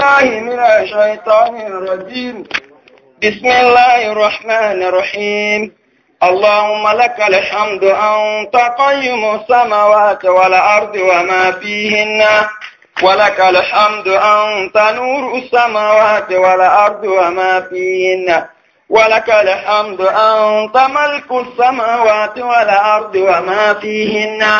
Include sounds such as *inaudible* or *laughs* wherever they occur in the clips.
الله من الشيطان الرجيم بسم الله الرحمن الرحيم اللهم لك الحمد أنت قيم السماوات والأرض وما فيهن ولك الحمد أنت نور السماوات والأرض وما فيهن ولك الحمد أنت ملك السماوات والأرض وما فيهن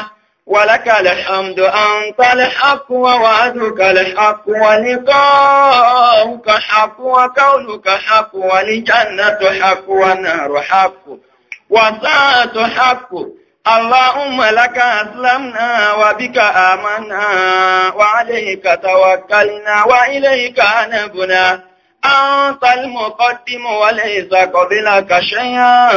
ولك الحمد أنت الحق ووعدك الحق ولقاؤك حق وقولك حق ولجنة حق والنار حق وساعة حق اللهم لك أسلمنا وبك آمنا وعليك توكلنا وإليك أنبنا أنت المقدم وليس قبلك شيئا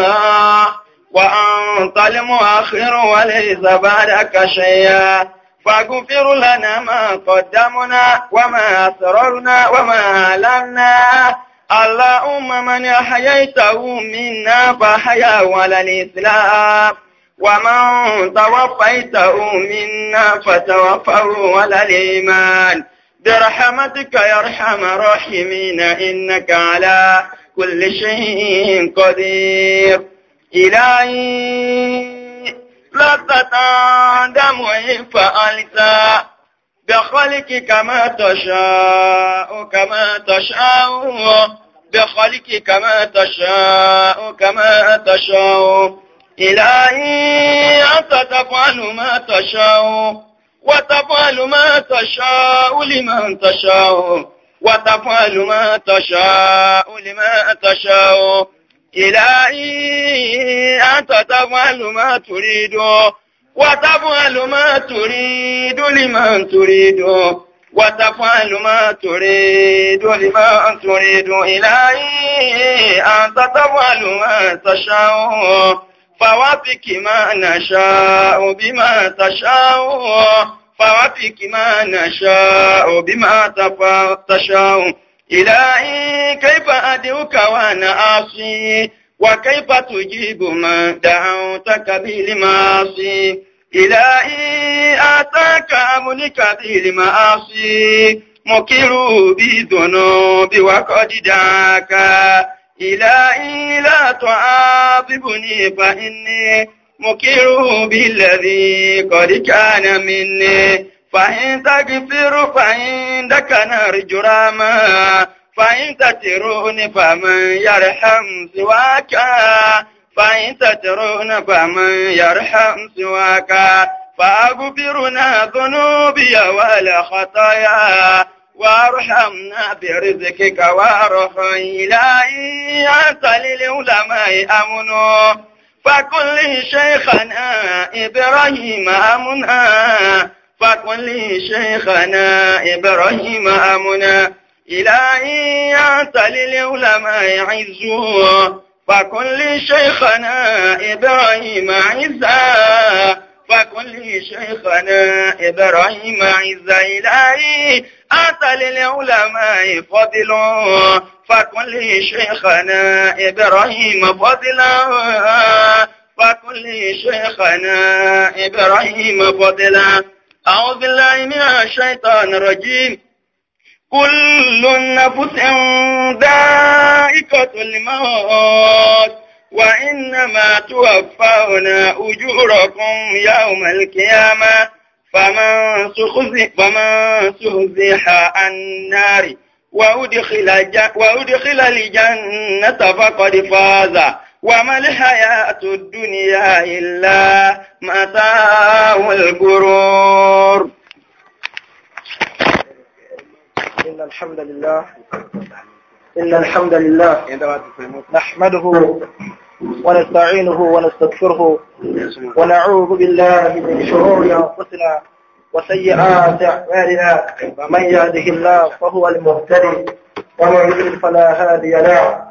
وأنت المؤخر وليس بعدك شيئا فاغفر لنا ما قدمنا وما أسررنا وما ألمنا اللهم من أحييته منا فحياه على الإسلام ومن توفيته منا فتوفه على الإيمان برحمتك يا أرحم الراحمين إنك على كل شيء قدير إلهي لفت دمعي فألسى بخلقك ما تشاء كما تشاء بخلقك ما تشاء كما تشاء إلهي أنت تفعل ما تشاء وتفعل ما تشاء لمن تشاء وتفعل ما تشاء لمن تشاء إلهي أنت تفعل ما تريد وتفعل ما تريد لمن تريد وتفعل ما تريد لمن تريد إلهي أنت تفعل ما تشاء فوافق ما نشاء بما تشاء فوافق ما نشاء بما تشاء إلهي كيف أدعوك وأنا عاصي وكيف تجيب من دعوتك بالمعاصي إلهي آتاك أملك بالمعاصي مكر بذنوب وقد دعاك إلهي لا تعاقبني فإني مكر بالذي قد كان مني فإن تكفر فعندك نار جراما فإن تترون فمن يرحم سواك فإن تترون فمن يرحم سواك فأغفرنا ذنوبي خطايا وارحمنا برزقك وارحم إلهي أنت للعلماء أمنوا فكل شيخنا إبراهيم أمنا فقل لي شيخنا إبراهيم أمنا إلهي يا للعلماء عزه فقل لي شيخنا إبراهيم عزا فقل لي شيخنا إبراهيم عز إلهي أنت للعلماء فضل فقل لي شيخنا إبراهيم فضلا فقل لي شيخنا إبراهيم فضلا أعوذ بالله من الشيطان الرجيم كل نفس ذائقة الموت وإنما توفون أجوركم يوم القيامة فمن سخزح عن النار وأدخل, وأدخل الجنة فقد فاز وما الحياة الدنيا إلا متاع الغرور إن الحمد لله إن الحمد لله نحمده ونستعينه ونستغفره ونعوذ بالله من شرور أنفسنا وسيئات أعمالنا من يهده الله فهو المهتدي ومن يضلل فلا هادي له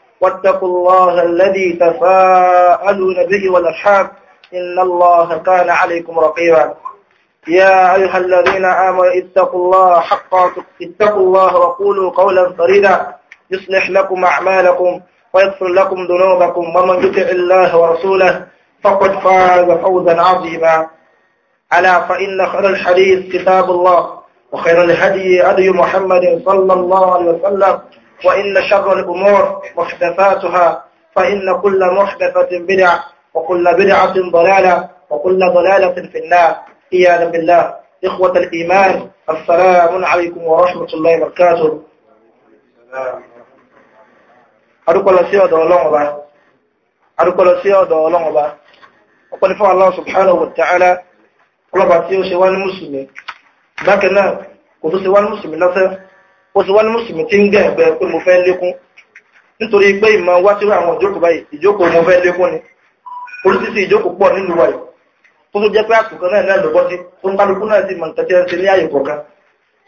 واتقوا الله الذي تفاءلوا به والأرحام إن الله كان عليكم رقيبا يا أيها الذين آمنوا اتقوا الله حقا اتقوا الله وقولوا قولا سديدا يصلح لكم أعمالكم ويغفر لكم ذنوبكم ومن يطع الله ورسوله فقد فاز فوزا عظيما ألا فإن خير الحديث كتاب الله وخير الهدي هدي محمد صلى الله عليه وسلم وإن شر الأمور محدثاتها فإن كل محدثة بدعة وكل بدعة ضلالة وكل ضلالة في النار إيانا بالله إخوة الإيمان السلام عليكم ورحمة الله وبركاته أرقل سيادة الله وبا أرقل سيادة الله وبا وقال الله سبحانه وتعالى قلبا سيوشي والمسلمين لكن لا قلت سيوان المسلمين ó ti wá ní mùsùlùmí tí ń gẹ̀ẹ́gbẹ́ pé mo fẹ́ lékún nítorí pé ìmọ̀ wá sí àwọn ìjókòó báyìí ìjókòó mo fẹ́ lékún ni oríṣiríṣi ìjókòó pọ̀ nínú wa yìí tó tó jẹ́ pé àsùnkàn náà náà lọ́bọ́ sí tó ń kálukú náà sí mọ̀nìkan tí wọ́n ti ní àyè kọ̀ọ̀kan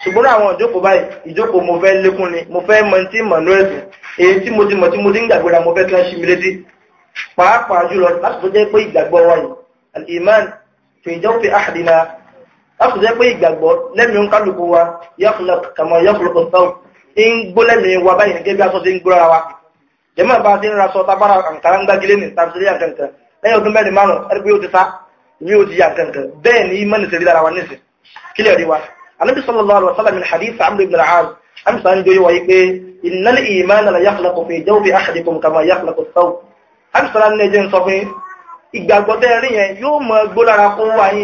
ṣùgbọ́n àwọn ìjókòó báyìí ìjókòó mo fẹ́ lékún ni mo fẹ́ mọ tí mọ̀ lóẹ̀sìn èyí tí mo ti mọ̀ tí mo ti ń gbàgbéra mo fẹ́ kí wọ́n ṣí mi létí pàápàá jùlọ láti tó jẹ́ pé ìgbàgbọ́ wa yìí al-iman fi jawfi ahadina láti jẹ́ pé ìgbàgbọ́ lẹ́mìí ń kálukú wa yọ́kùnlọ́ kàmọ́ yọ́kùnlọ́ kọ̀ọ̀tàn ń gbó lẹ́mìí wa báyìí gẹ́gẹ́ bí aṣọ ti ń gbóra wa jẹ́mọ̀ bá ti ń ra aṣọ tábára àǹkárá ń gbágilé ní tàbísílẹ̀ àǹkankan lẹ́yìn ọdún mẹ́rin márùn ẹni pé ó ti sá ìwé ó ti yà àǹkankan bẹ́ẹ̀ ni ìmọ̀ nìṣẹ́ dára wa níṣẹ́ kílẹ̀ rí wa anábì sallallahu alaihi wasallam min hadith amr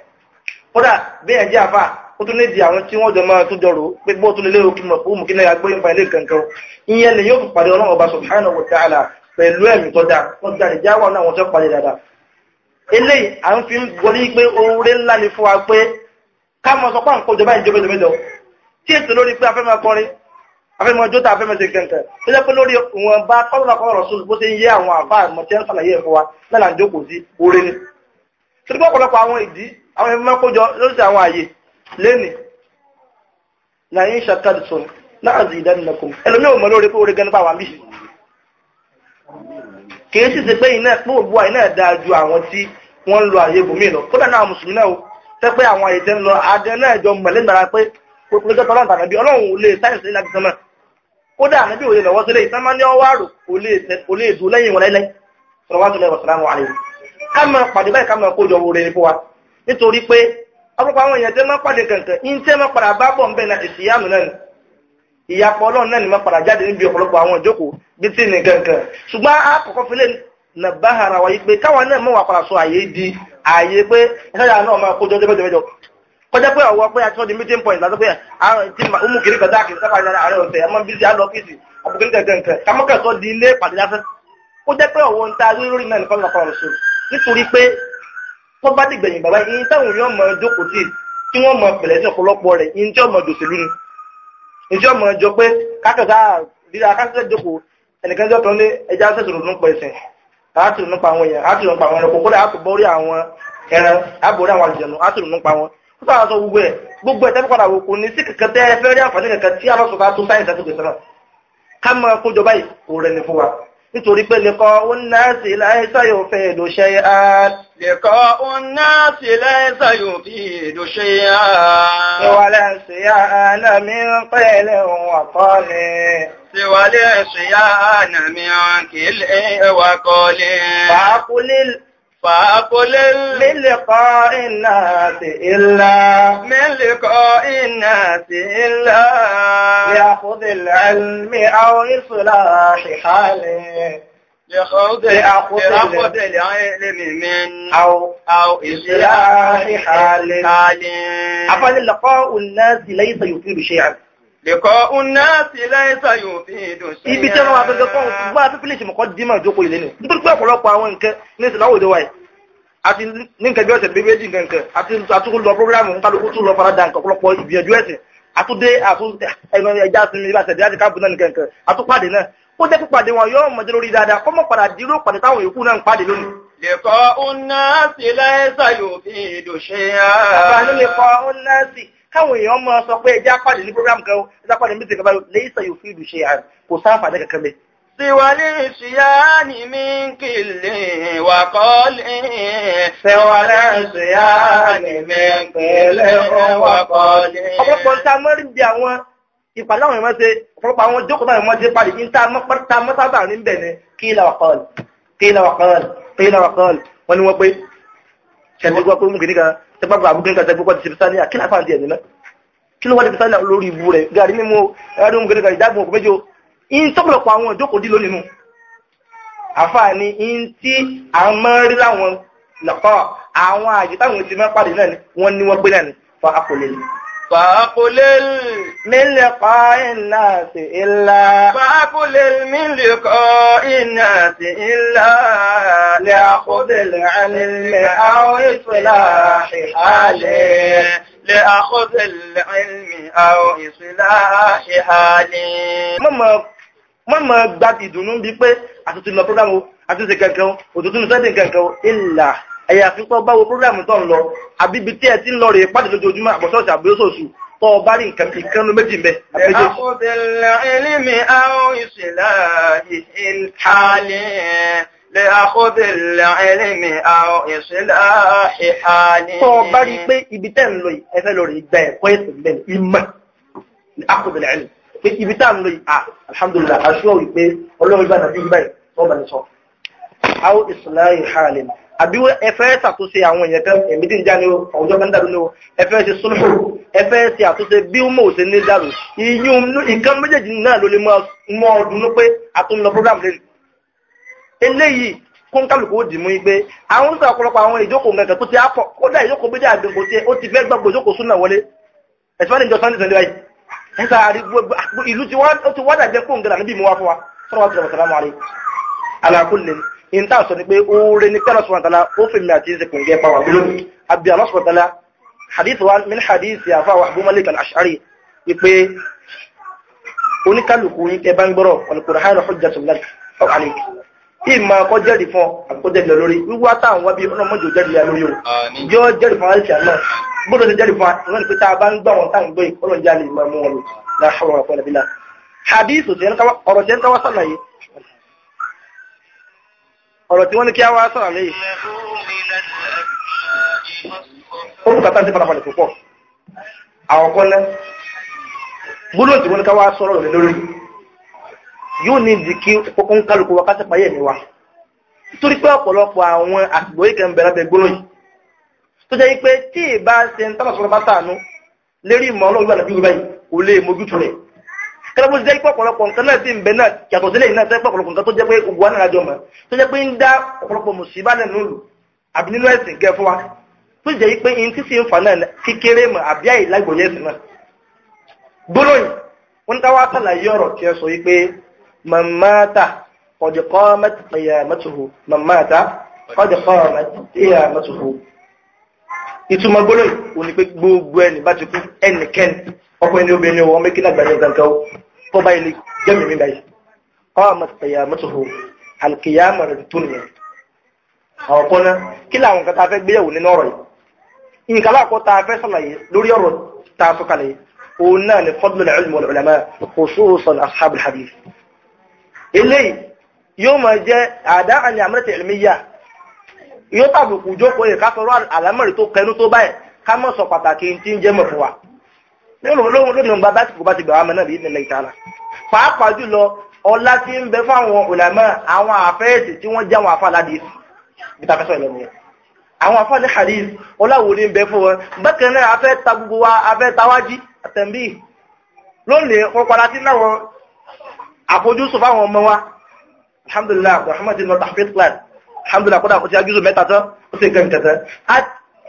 kódà bí ẹ̀jẹ̀ àfà ó tún nídìí àwọn tí wọ́n jọ máa tún jọrò pé bó tún lè lérò kí mọ̀kú mú kí náà gbé nípa ilé kankan ìyẹn lè yóò fi pàdé ọlọ́run ọba subhanahu wa ta'ala pẹ̀lú ẹ̀mí tó dáa wọ́n ti àdìjá wà náà wọ́n tó pàdé dáadáa eléyìí à ń fi wọlé pé oore ńlá ni fún wa pé ká mọ sọ pé à ń kó ìjọba ìjọba ìjọba ìjọba tí ètò lórí pé afẹ́ máa kọrin afẹ́ máa jóta afẹ́ máa ṣe kankan tó jẹ́ pé lórí wọn bá kọ́lọ́lá kọ́lọ́rọ̀ sóòlù bó ṣe ń yé àwọn àfáà mọ̀ tí ń ṣàlàyé ẹ̀fọ́ wa náà là ń jókòó sí oore ni. torí pé ọ̀pọ̀lọpọ̀ àwọn ìdí àwọn ẹgbẹ́ mẹ́kójọ lórí àwọn àyè lẹ́nì na yín ṣàkàdùsùn láàzì ìdánilẹ́kùn ẹlòmí ò mọ̀ lórí pé orí gẹ́nu pàwọn bí kìí sì ṣe pé iná pé òbú àyè náà dáa ju àwọn tí wọ́n ń lo àyè bòmí lọ kódà náà mùsùlùmí náà o tẹ́ pé àwọn àyè tẹ́ ń lọ adé náà jọ mọ̀ lẹ́gbàrá pé pẹ́pẹ́jọ́ tọ́lá tàbí bí ọlọ́run ò lè sáyẹ̀nsì ní abisọ́mọ kódà ànábì òye lọ́wọ́ sílé ìtàn máa nítorí pé ọ̀pọ̀lọpọ̀ àwọn èèyàn tẹ́ máa pàdé kankan yín tẹ́ máa padà bá bọ̀ ń bẹ̀ náà èsì yánu náà ni ìyàpọ̀ ọlọ́run náà ni máa padà jáde níbi ọ̀pọ̀lọpọ̀ àwọn ìjókòó bí tí ní kankan ṣùgbọ́n a kọ́kọ́ fi lè nà bá ara wa yìí pé káwọn náà mọ̀ padà sọ àyè di àyè pé ẹ̀ṣẹ́ náà máa kọjá pé pé àti ọdún meeting point láti pé àwọn mú kiri sábà àárẹ̀ ọ̀sẹ̀ ẹ̀mọ́ bí sí àlọ́ ọ́fíìsì di ilé lásán tó bá dìgbẹ̀yìn bàbá yìí táwọn yóò mọ jókòó tí kí wọ́n mọ pẹ̀lẹ́ sí ọ̀pọ̀lọpọ̀ rẹ̀ yìí tí ọmọ jòṣèlú ni ìjọ mọ jọ pé kákẹ́sà ríra kákẹ́sà jókòó ẹnìkan jọ kan ní ẹja sẹ́sùn lòdùn pẹ̀ ẹ̀sìn àátùrù nípa àwọn èèyàn àátùrù nípa àwọn ẹranko kódà àtùbọ́rí àwọn ẹran àbòrí àwọn àlùjẹ̀nu àátùrù nípa wọn ó sọ àwọn sọ gbogbo ẹ̀ gbogbo ẹ̀ tẹ́fẹ́ padà wò kò ní sí kẹ̀kẹ́ tẹ́ fẹ́ rí àǹfààní kẹ̀kẹ́ tí alọ́sọ̀tà tó sáyẹ̀nsì nítorí pé lè lẹ́kọ́ onáàsì láìsá yóò fẹ́ ìdòṣẹ́ ààrẹ. lẹ́kọ́ onáàsì láìsá yóò fi ìdòṣẹ́ ààrẹ. ṣe yá ààrẹ mi ń pẹ̀lẹ̀ ohun àtọ́ ni. ṣe yá ààrẹ mi ń kìí lẹ́wà kọ́ lẹ́. fàákùlẹ̀ فقل من لقاء الناس إلا من لقاء الناس إلا يأخذ العلم أو إصلاح حاله لأخذ العلم من أو أو إصلاح حال أفعل لقاء الناس ليس يطيب شيئا Lẹ̀kọ́ unáàsì láìsà yóò fi ìdùn ṣe. Ibi tẹ́lọ wà gẹ́gẹ́ fún ọgbà pípílẹ̀ ṣe mọ̀kọ́ dímọ̀ ìjókòó ilé nù. Nítorí pé ọ̀pọ̀lọpọ̀ àwọn nǹkan ní ìsìn láwùjọ wa yìí. Àti ní nǹkan bí ọ̀sẹ̀ bí méjì nǹkan nǹkan àti àtúkú lọ prógrámù kálukú tún lọ farada nǹkan ọ̀pọ̀lọpọ̀ ìgbìyànjú ẹ̀sìn. Àtúndé ẹja sinmi ibà tẹ̀dí láti káàbù náà nǹkan nǹkan àtúpàdé náà. Ó jẹ́ pípàdé wọn yóò mọ̀jẹ́ lórí dáadáa kọ́ mọ̀ padà díró pàdé táwọn yòókù náà ń pàdé lónìí. Lẹ̀kọ́ unáàsì láìsà yóò fi ìdùn ṣe yá. Àbá káwọn èèyàn máa sọ pé ẹjá pàdé ní program kan ẹjá pàdé mítì kan báyìí lẹ́yìn sọ yóò fi ìlú ṣe àrùn kò sáǹfààní kankan bẹ́ẹ̀. Siwale siyani min kili wa kọ́lì. Siwale siyani min kili wa kọ́lì. Ọ̀pọ̀lọpọ̀ nta mọ́rin bí àwọn ìpàdé àwọn ìmọ̀ ṣe ọ̀pọ̀lọpọ̀ àwọn jókòó táwọn ìmọ̀ ṣe pàdé ní ta mọ́sábà ní bẹ̀ ni kí ilà wà kọ́lì. Kí ilà wà kọ́lì. Kí ilà wà kọ́lì. Wọ́n ni wọ́n pé tẹ̀mẹ́gbọ́ pé mùkìní kan tẹ́gbàgbà àbúkìní kan tẹ́gbàgbà ti ṣe fisani à kí ni àfáàdì ẹ̀ nílẹ̀ kí ló wá ti fisani lórí ibu rẹ̀ gàrí mímu ẹ̀rí mùkìní kan ìdáàbò òkú méjì in tọ́pọ̀lọpọ̀ àwọn ìjókòó dì lónìí nù àfààní in tí a máa rí láwọn lọ́kọ́ àwọn àyè táwọn ti máa pàdé náà ni wọ́n ní wọ́n gbé náà ni fa akọ̀lẹ́yìn فأقل من لقاء الناس إلا فأقل من لقاء الناس إلا لأخذ عن أو إصلاح حاله لأخذ العلم أو إصلاح حاله wọ́n mọ̀ gba ìdùnnú bíi pé àtúntò lọ púrógámù àtúntò kankan òtútù nìsọ́dì ẹ̀yà àfipọ́ báwo prógrámù tó ń lọ àbíbi tí ẹ ti ń lọ rèé pàdé lójoojúmọ́ àbọ̀sọ̀ọ̀sẹ̀ àbúrósòsù tó o bá rí nǹkan ìkanu méjì mbẹ. لأخذ العلم أو إصلاح الحال لأخذ العلم أو إصلاح àbí ẹfẹ́ ṣàtúnṣe àwọn èèyàn kan ẹ̀mí tí ń já ní o àwùjọ kan dàrú ní o ẹfẹ́ ṣe súnmọ́ ẹfẹ́ ṣe àtúnṣe bí ó mọ̀ ṣe ní dàrú ìyún nǹkan méjèèjì náà ló lè mọ ọdún ní pé a tún lọ program lẹ́nu eléyìí kún kálukú ó dì mú igbe àwọn oṣù ọ̀pọ̀lọpọ̀ àwọn ìjókòó nǹkan tó ti á pọ̀ kódà ìjókòó méjì àgbègbè tí ó ti fẹ́ gbàgbọ́ ìjókòó súnà wọlé ẹ̀sùn ní in ta sọ ni pé oore ni kala subhanahu wa ta'ala ó fi mi àti ìsìnkú ìjẹ́ pàwọn bí lónìí àbí Allah subhanahu wa ta'ala hadith wa min hadith ya fa wa abu malik al-ash'ari wípé oníkálukú yín tẹ bá ń gbọ́rọ̀ al-Qur'an hujjatun lak aw alayk kí ìmọ̀ akọ́ jẹ́rìí fún àkókò jẹ́rìí lórí wíwá táwọn wábí ọlọ́mọdé jẹ́rìí ya lórí o yọ jẹ́rìí fún ọ̀rọ̀ tí wọ́n ní kí a wá sọ̀rọ̀ lẹ́yìn ó bùkátà sí farabalẹ̀ púpọ̀ àwọn kọ́lẹ́ gbólóhùn tí wọ́n ní ká wá sọ̀rọ̀ rẹ̀ lórí yóò ní ìdí kí kókó ń kálukú wa kásẹ̀ payẹ̀ mi wa torí pé ọ̀pọ̀lọpọ̀ àwọn àgbò yìí kan bẹ̀rẹ̀ bẹ̀ gbólóhùn tó jẹ́ pé tí ì bá ṣe ń tọ́nà sọ̀rọ̀ bá tàánú lérí ìmọ̀ ọlọ́run gbà kẹlẹ́bù jẹ́ pé ọ̀pọ̀lọpọ̀ nǹkan náà sì ń bẹ náà yàtọ̀ sílẹ̀ iná jẹ́ ọ̀pọ̀lọpọ̀ nǹkan tó jẹ́ pé ogun wọn àjọ mọ̀ tó jẹ́ pé ń dá ọ̀pọ̀lọpọ̀ mùsùlùmí náà lòlù àbí nínú ẹ̀sìn kẹ fún wa tó jẹ́ pé in tí sì ń fà náà kékeré mọ̀ àbí lágbòye ẹ̀sìn ọkùnrin ní obìnrin wọn mékìlá gbàdé gangan tó bá ilé jẹ́mi mi báyìí ọ̀hún àmọ̀tẹ̀yà mọ́tòhò àlùkìyà mọ̀rẹ̀ tó nìyẹn. àwọn kan náà kí làwọn kan tá a fẹ́ gbéyàwó nínú ọ̀rọ̀ yìí nǹkan aláàkọ́ tá a fẹ́ sàlàyé lórí ọ̀rọ̀ tá a sọ̀kalẹ̀ yìí òun náà ni ah, ah, fọ́dún ilmu wal ulama khususan ashab al-hadith. eléyìí yóò máa jẹ́ àdá àni àmọ́tẹ̀ ilmiya yóò tàbùkù jókòó yìí ká sọ̀rọ̀ àlámọ̀rì tó kẹnu tó báyìí ká mọ̀ sọ pàtàkì tí ń jẹ́ mọ̀ fún wa lónìí gba bá tìkú bá ti gbà wá mọ náà bí ní ilẹ̀ ìtàlá pàápàá jùlọ ọlá tí ń bẹ fún àwọn ulama àwọn àfẹ́ẹ̀sì tí wọ́n jẹ́ àwọn afá aládìs bíta fẹ́ sọ ìlọ nìyẹn àwọn afá ní hadis ọláwo ní ń bẹ fún wọn bákan náà afẹ́ ta gbogbo wa afẹ́ tawájí àtẹ̀mbí lónìí wọ́n padà sí náà wọn àfojúsùn fáwọn ọmọ wa alhamdulillah abdulhamid nọ tàfíìt class alhamdulillah kódà kó ti ajú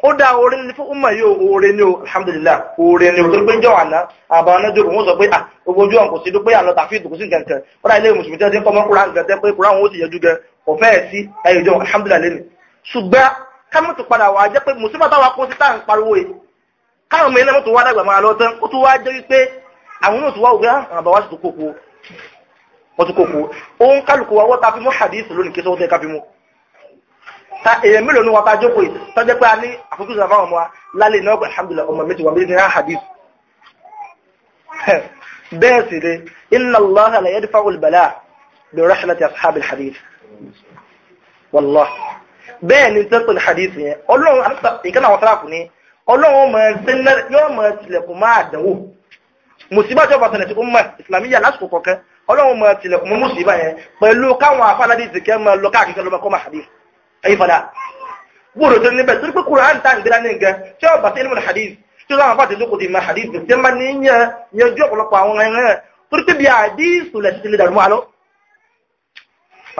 ó dá oore ní fún ọmọ yóò oore ní o alhamdulillah oore ní o tó pé jọ àná àbá ọ̀nà jòkó sọ pé ah ogun ojú ọ̀nkò sí ló pé àlọ́ tàfíìdù kò sí nǹkan ó dá ilé mùsùlùmí tẹ́ tí ń kọ́ mọ́kúra nǹkan tẹ́ pé kúrá wọn ó sì yẹjú gan kò fẹ́ẹ̀ sí ẹyọ jọ alhamdulillah lẹ́nu ṣùgbọ́n kámọ́tò padà wà á jẹ́ pé mùsùlùmí táwa kó sí táà ń pariwo yìí káwọn mi náà tó wá dàgbà máa lọ tán ó tún wá jẹ́ wípé àwọn náà tún wá òwe ah, àbá ta èèyàn mélòó ni wọn bá jókòó yìí tọ́jẹ́ pé a ní àfojúsùn àwọn ọmọ wa lálẹ́ iná ọgbà alhamdulilayi ọmọ méjì wọn méjì ní ahadis *laughs* bẹ́ẹ̀ sì ni inna Allaha la yadfa'u al-bala' bi rahlati ashabil hadith bẹ́ẹ̀ ni hadith yẹn ọlọ́run àti ìkànnì àwọn ọlọ́run mọ̀ ẹ́ yóò mọ̀ ẹ́ tilẹ̀kùn máa dánwò tó yẹn pẹ̀lú ẹ̀yìn fọ́dá gbòòrò tó níbẹ̀ torí pé kúrò àǹtà ìgbéra ní nǹkan tí ó bà sí ilmu hadith tí ó láwọn bá ti lóko ti ma hadith tí ó máa ní yẹn yẹn ju ọ̀pọ̀lọpọ̀ àwọn ẹ̀rẹ́ rẹ̀ torí pé bí hadith lẹ̀ sí ilé dàrú máa lọ.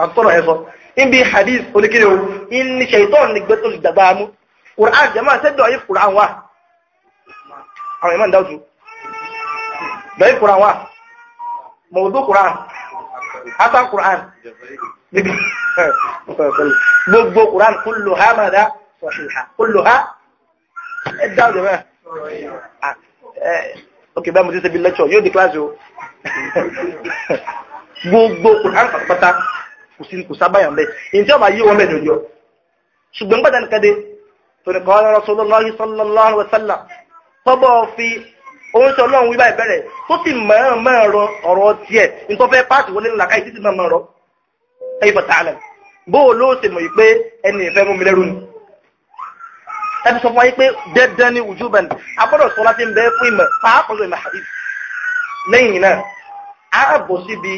àtọ́rọ̀ ẹ sọ níbi hadith oníkiri o ní ṣèyítọ́ ní gbé tó dàgbà mú kúrò àǹtà máa ṣe dọ̀ kúrò àwọn wa àwọn ìmọ̀ ń dáwọ́ tu dọ̀ kúrò àwọn wa mọ̀ hasan quran gbogbo quran kullu ha ma da sahiha kullu ha ẹ̀dá òjò mẹ́rin ah, eh, ok bá mo ti ṣe bí lecture yóò di class o gbogbo quran pátápátá kò sí kò sábà yàn bẹ́ẹ̀ èyí tí wọ́n bá wọn bẹ́ẹ̀ lójó ṣùgbọ́n gbọ́dọ̀ nìkan dé tó ní kọ́ ọ́ lọ́rọ́ sallallahu fi òun ṣe ọlọ́run wíwá ìbẹ̀rẹ̀ tó sì si ọ̀rọ̀ tiẹ̀ nítorí fẹ́ pàṣẹ wọlé ńlá káyìí títí máa máa rọ ẹyìn bàtà àlẹ bó ló ṣe mọ̀ pé ẹni ìfẹ́ mú mi lẹ́rù ni. ẹ sọ fún wa yìí pé dandan ni ojú bẹ̀ ni sọ láti ń bẹ fún ìmọ̀ pàápàá ìmọ̀ lẹ́yìn a bọ̀ síbi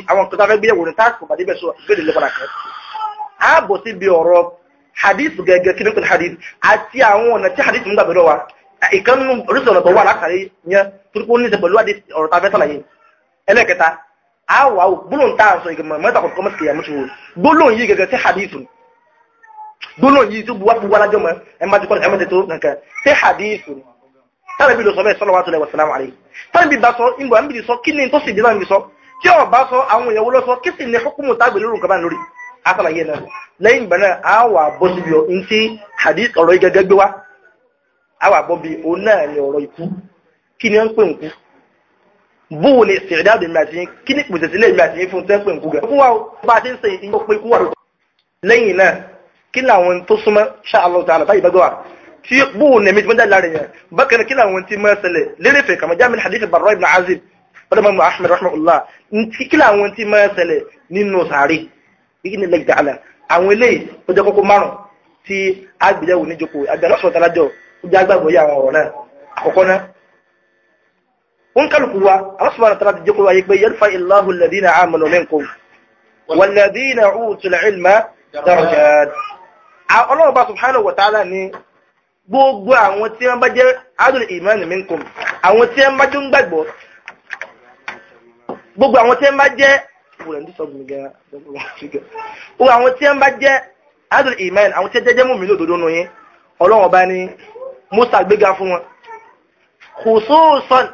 àwọn a ní ìkànnì orísun torí pé ó ní ìṣe pẹ̀lú ọ̀rọ̀ tàbí ṣàlàyé ẹlẹ́kẹta àwa gbólóhùn tá à ń sọ ìgbìmọ̀ mẹ́ta kò kọ́mọ́sì kìyàmú ṣòwò gbólóhùn yìí gẹ́gẹ́ sí hadithu gbólóhùn yìí tó bu wáfù wá lájọ́ mọ́ ẹ má ti kọ́ ẹ má ti tó kankan sí hadithu tàbí lọ sọ bẹ́ẹ̀ sọ́lọ́wọ́ àtúnlẹ̀ wàsálàmù àlẹ́ tàbí bá sọ ìgbà ń bì sọ kí ni tó sì dé náà ń bì sọ tí ọ̀ bá sọ àwọn èèyàn wọlé sọ kí sì ní hukumu tágbè lórí nǹkan bá lórí àtàlàyé náà lẹ́yìn ìgbà náà á ni ọ̀rọ̀ ikú kí ni wọ́n ń pè nkú bóò ni sèrèdáàbì mi àti yín kí ni pèsè sílẹ̀ mi àti yín fún tẹ́ ń pè nkú gan. fún wa o bá a ti ń sèyí ìyókù pé kú wà lóko. lẹ́yìn náà kí ni àwọn tó súnmọ́ ṣáàlọ́ tààlà báyìí bẹ́gbẹ́ wa tí bóò ni èmi ti mọ́ dá lára yẹn bákan náà kí ni àwọn tí mọ́ ẹsẹ̀lẹ̀ lérèfé kàmá jáàmì hadith barra ibn azib wọ́n mọ̀ ahmed rahmanullah oníkálukú wa àwọn sọ̀rọ̀ àtàrà ti jẹ́ kó wáyé yarfa illahu alladhina amanu minkum utul ilma darajat subhanahu wa ta'ala ni gbogbo àwọn tí wọ́n bá jẹ́ adùn ìmánì minkum àwọn gbogbo àwọn tí ndi bá jẹ́ gbogbo àwọn tí wọ́n bá jẹ́ adùn Musa fún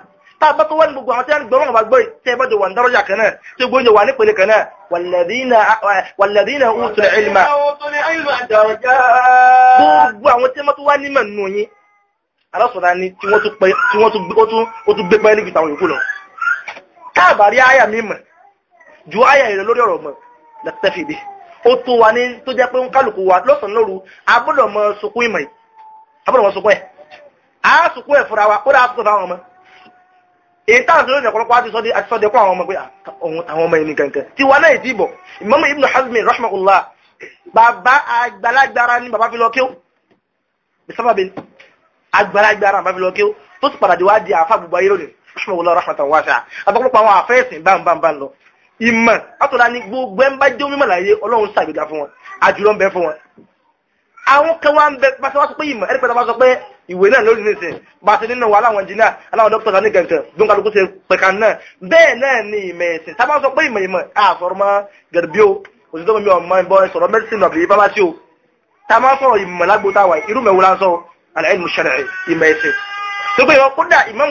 tá a bá tó wá ní gbogbo àwọn tí wọ́n gbọ́ wọn bá gbọ́ tẹ́ bá jọ wà ní dárọ́jà kan náà tí gbogbo jọ wà ní pèlè kan náà wàlẹ́dínà òtún ìlmà gbogbo àwọn tí wọ́n tó wá nímọ̀ nù yín alásọ̀rọ̀ ni tí wọ́n tún gbé pẹ́ níbi tàwọn yòókù lọ káàbàrí àyà mi mọ̀ ju àyà ìrẹ̀ lórí ọ̀rọ̀ mọ̀ lẹ́tẹ̀fìdì ó tó wa ní tó jẹ́ pé ń kálukú wa lọ́sàn-án lóru èyí táwọn sọ̀rọ̀ ìdẹ̀kọ̀lọ́pọ̀ àti sọ́dẹ̀ àti sọ́dẹ̀ kọ́ àwọn ọmọ pé àwọn ọmọ ẹni kankan tí wà náà ìdìbò Imam Ibn Hazmi rahmaullah bàbá àgbàlagbára ni bàbá fi lọ kí ó bisábàbí àgbàlagbára bàbá fi lọ kí ó tó sì padà wá di àfa gbogbo ayé lónìí rahmaullah rahmatan wasi'a àbọ̀pọ̀pọ̀ àwọn àfẹ́sìn báńbáńbáń lọ ìmọ̀ látọ̀dá ni gbogbo ẹn bá jẹ́ omi mọ̀láyé ọlọ́run ṣàgbéga fún wọn àjùlọ ń bẹ fún wọn àwọn kan wá ń bẹ bá sọ pé ìmọ̀ ẹ̀rí pẹ̀lú bá sọ pé ìwé náà lórí nìsín bá ti nínú aláwọn jìnnà aláwọn dókítà ní gẹ̀ǹkẹ̀ bí kálukú ṣe pẹ̀ka náà bẹ́ẹ̀ náà ni ìmọ̀ ẹ̀sìn tá a bá sọ pé ìmọ̀ ìmọ̀ àsọ̀rọ̀ mọ́ gẹ̀rẹ́bíò òṣìṣẹ́ mi ọmọ ìbọn sọ̀rọ̀ mẹ́sìn àbí fámásì o tá a máa sọ̀rọ̀ ìmọ̀ lágbóta wa irú mẹ́wúlá ń sọ àlẹ́ ìmọ̀ ìṣẹ̀rẹ̀ ìmọ̀ ẹ̀sìn tó pé ìwọ kódà Imam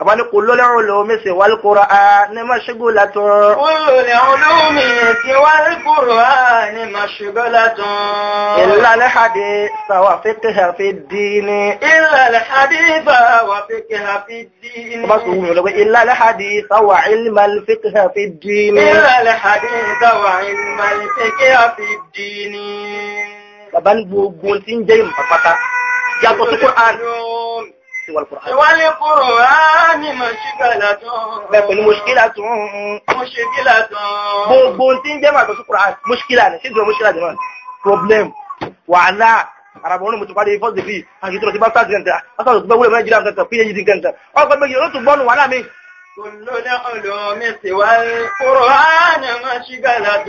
abani kullu le ulumi si wal qur'ani mashghulatun kullu le ulumi si wal qur'ani mashghulatun illa al hadith wa fiqh fi ad-din illa al hadith wa fiqh fi ad-din bas wumi lo illa al hadith wa ilm al fiqh fi din illa al hadith wa ilm al fiqh fi din bàbá ní gbogbo tí ń jẹ́ ìmọ̀ qur'an والقرآن والقرآن مشكلة بل مشكلة مشكلة gbogbo tí ń jẹ́ máa tọ́sí Quran mushkila ni ṣíjọ mushkila jẹ́ máa problem wàhálà àràbọ̀ onímọ̀ tó pàdé first degree àti ìtura ti bá sáà gẹ̀ǹtà asáà tó gbẹ́wọ́lẹ̀ Nàìjíríà gẹ̀ǹtà phd gẹ̀ǹtà ọgbẹ́ méjì ó tún gbọ́nù wàhálà mi.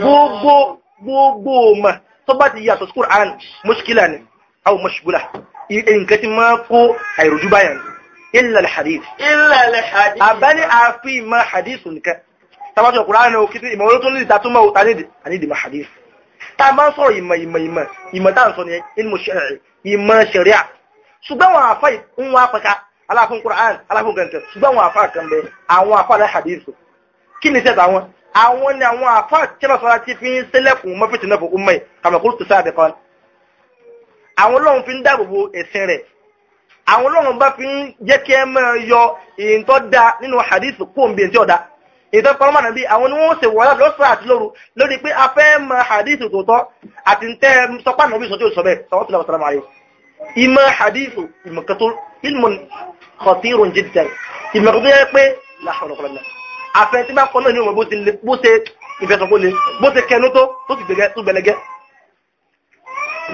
gbogbo gbogbo mà tó bá ti yàtọ̀ sí Quran mushkila ni àwọn mushkila nǹkan tí máa kó àìròjú báyàn illa al-hadith illa al-hadith àbáni àfi ìmọ̀ hadith nìkan tabatọ̀ kùránì òkè tí ìmọ̀ olótó nídìí tàtúmọ̀ òtà nídìí ma hadith tá a máa ń sọ̀rọ̀ ìmọ̀ ìmọ̀ ìmọ̀ ìmọ̀ tá à ń sọ nìyẹn ilmu ìmọ̀ sharia ṣùgbọ́n wọn àfa àwọn ọlọ́run fi ń dáàbòbò ẹ̀sìn rẹ̀ àwọn ọlọ́run bá fi ń jẹ́ kí ẹ máa yọ èyí tó da nínú hadith kó ń bí èyí tí ó da èyí tó pamọ́ nàbí àwọn ni wọ́n ṣe wọ́n lọ́sàn àti lóru lórí pé a fẹ́ mọ hadith tó tọ́ àti tẹ́ sọpá nàbí sọ tí ó sọ bẹ́ẹ̀ sọ wọ́n ti lọ́wọ́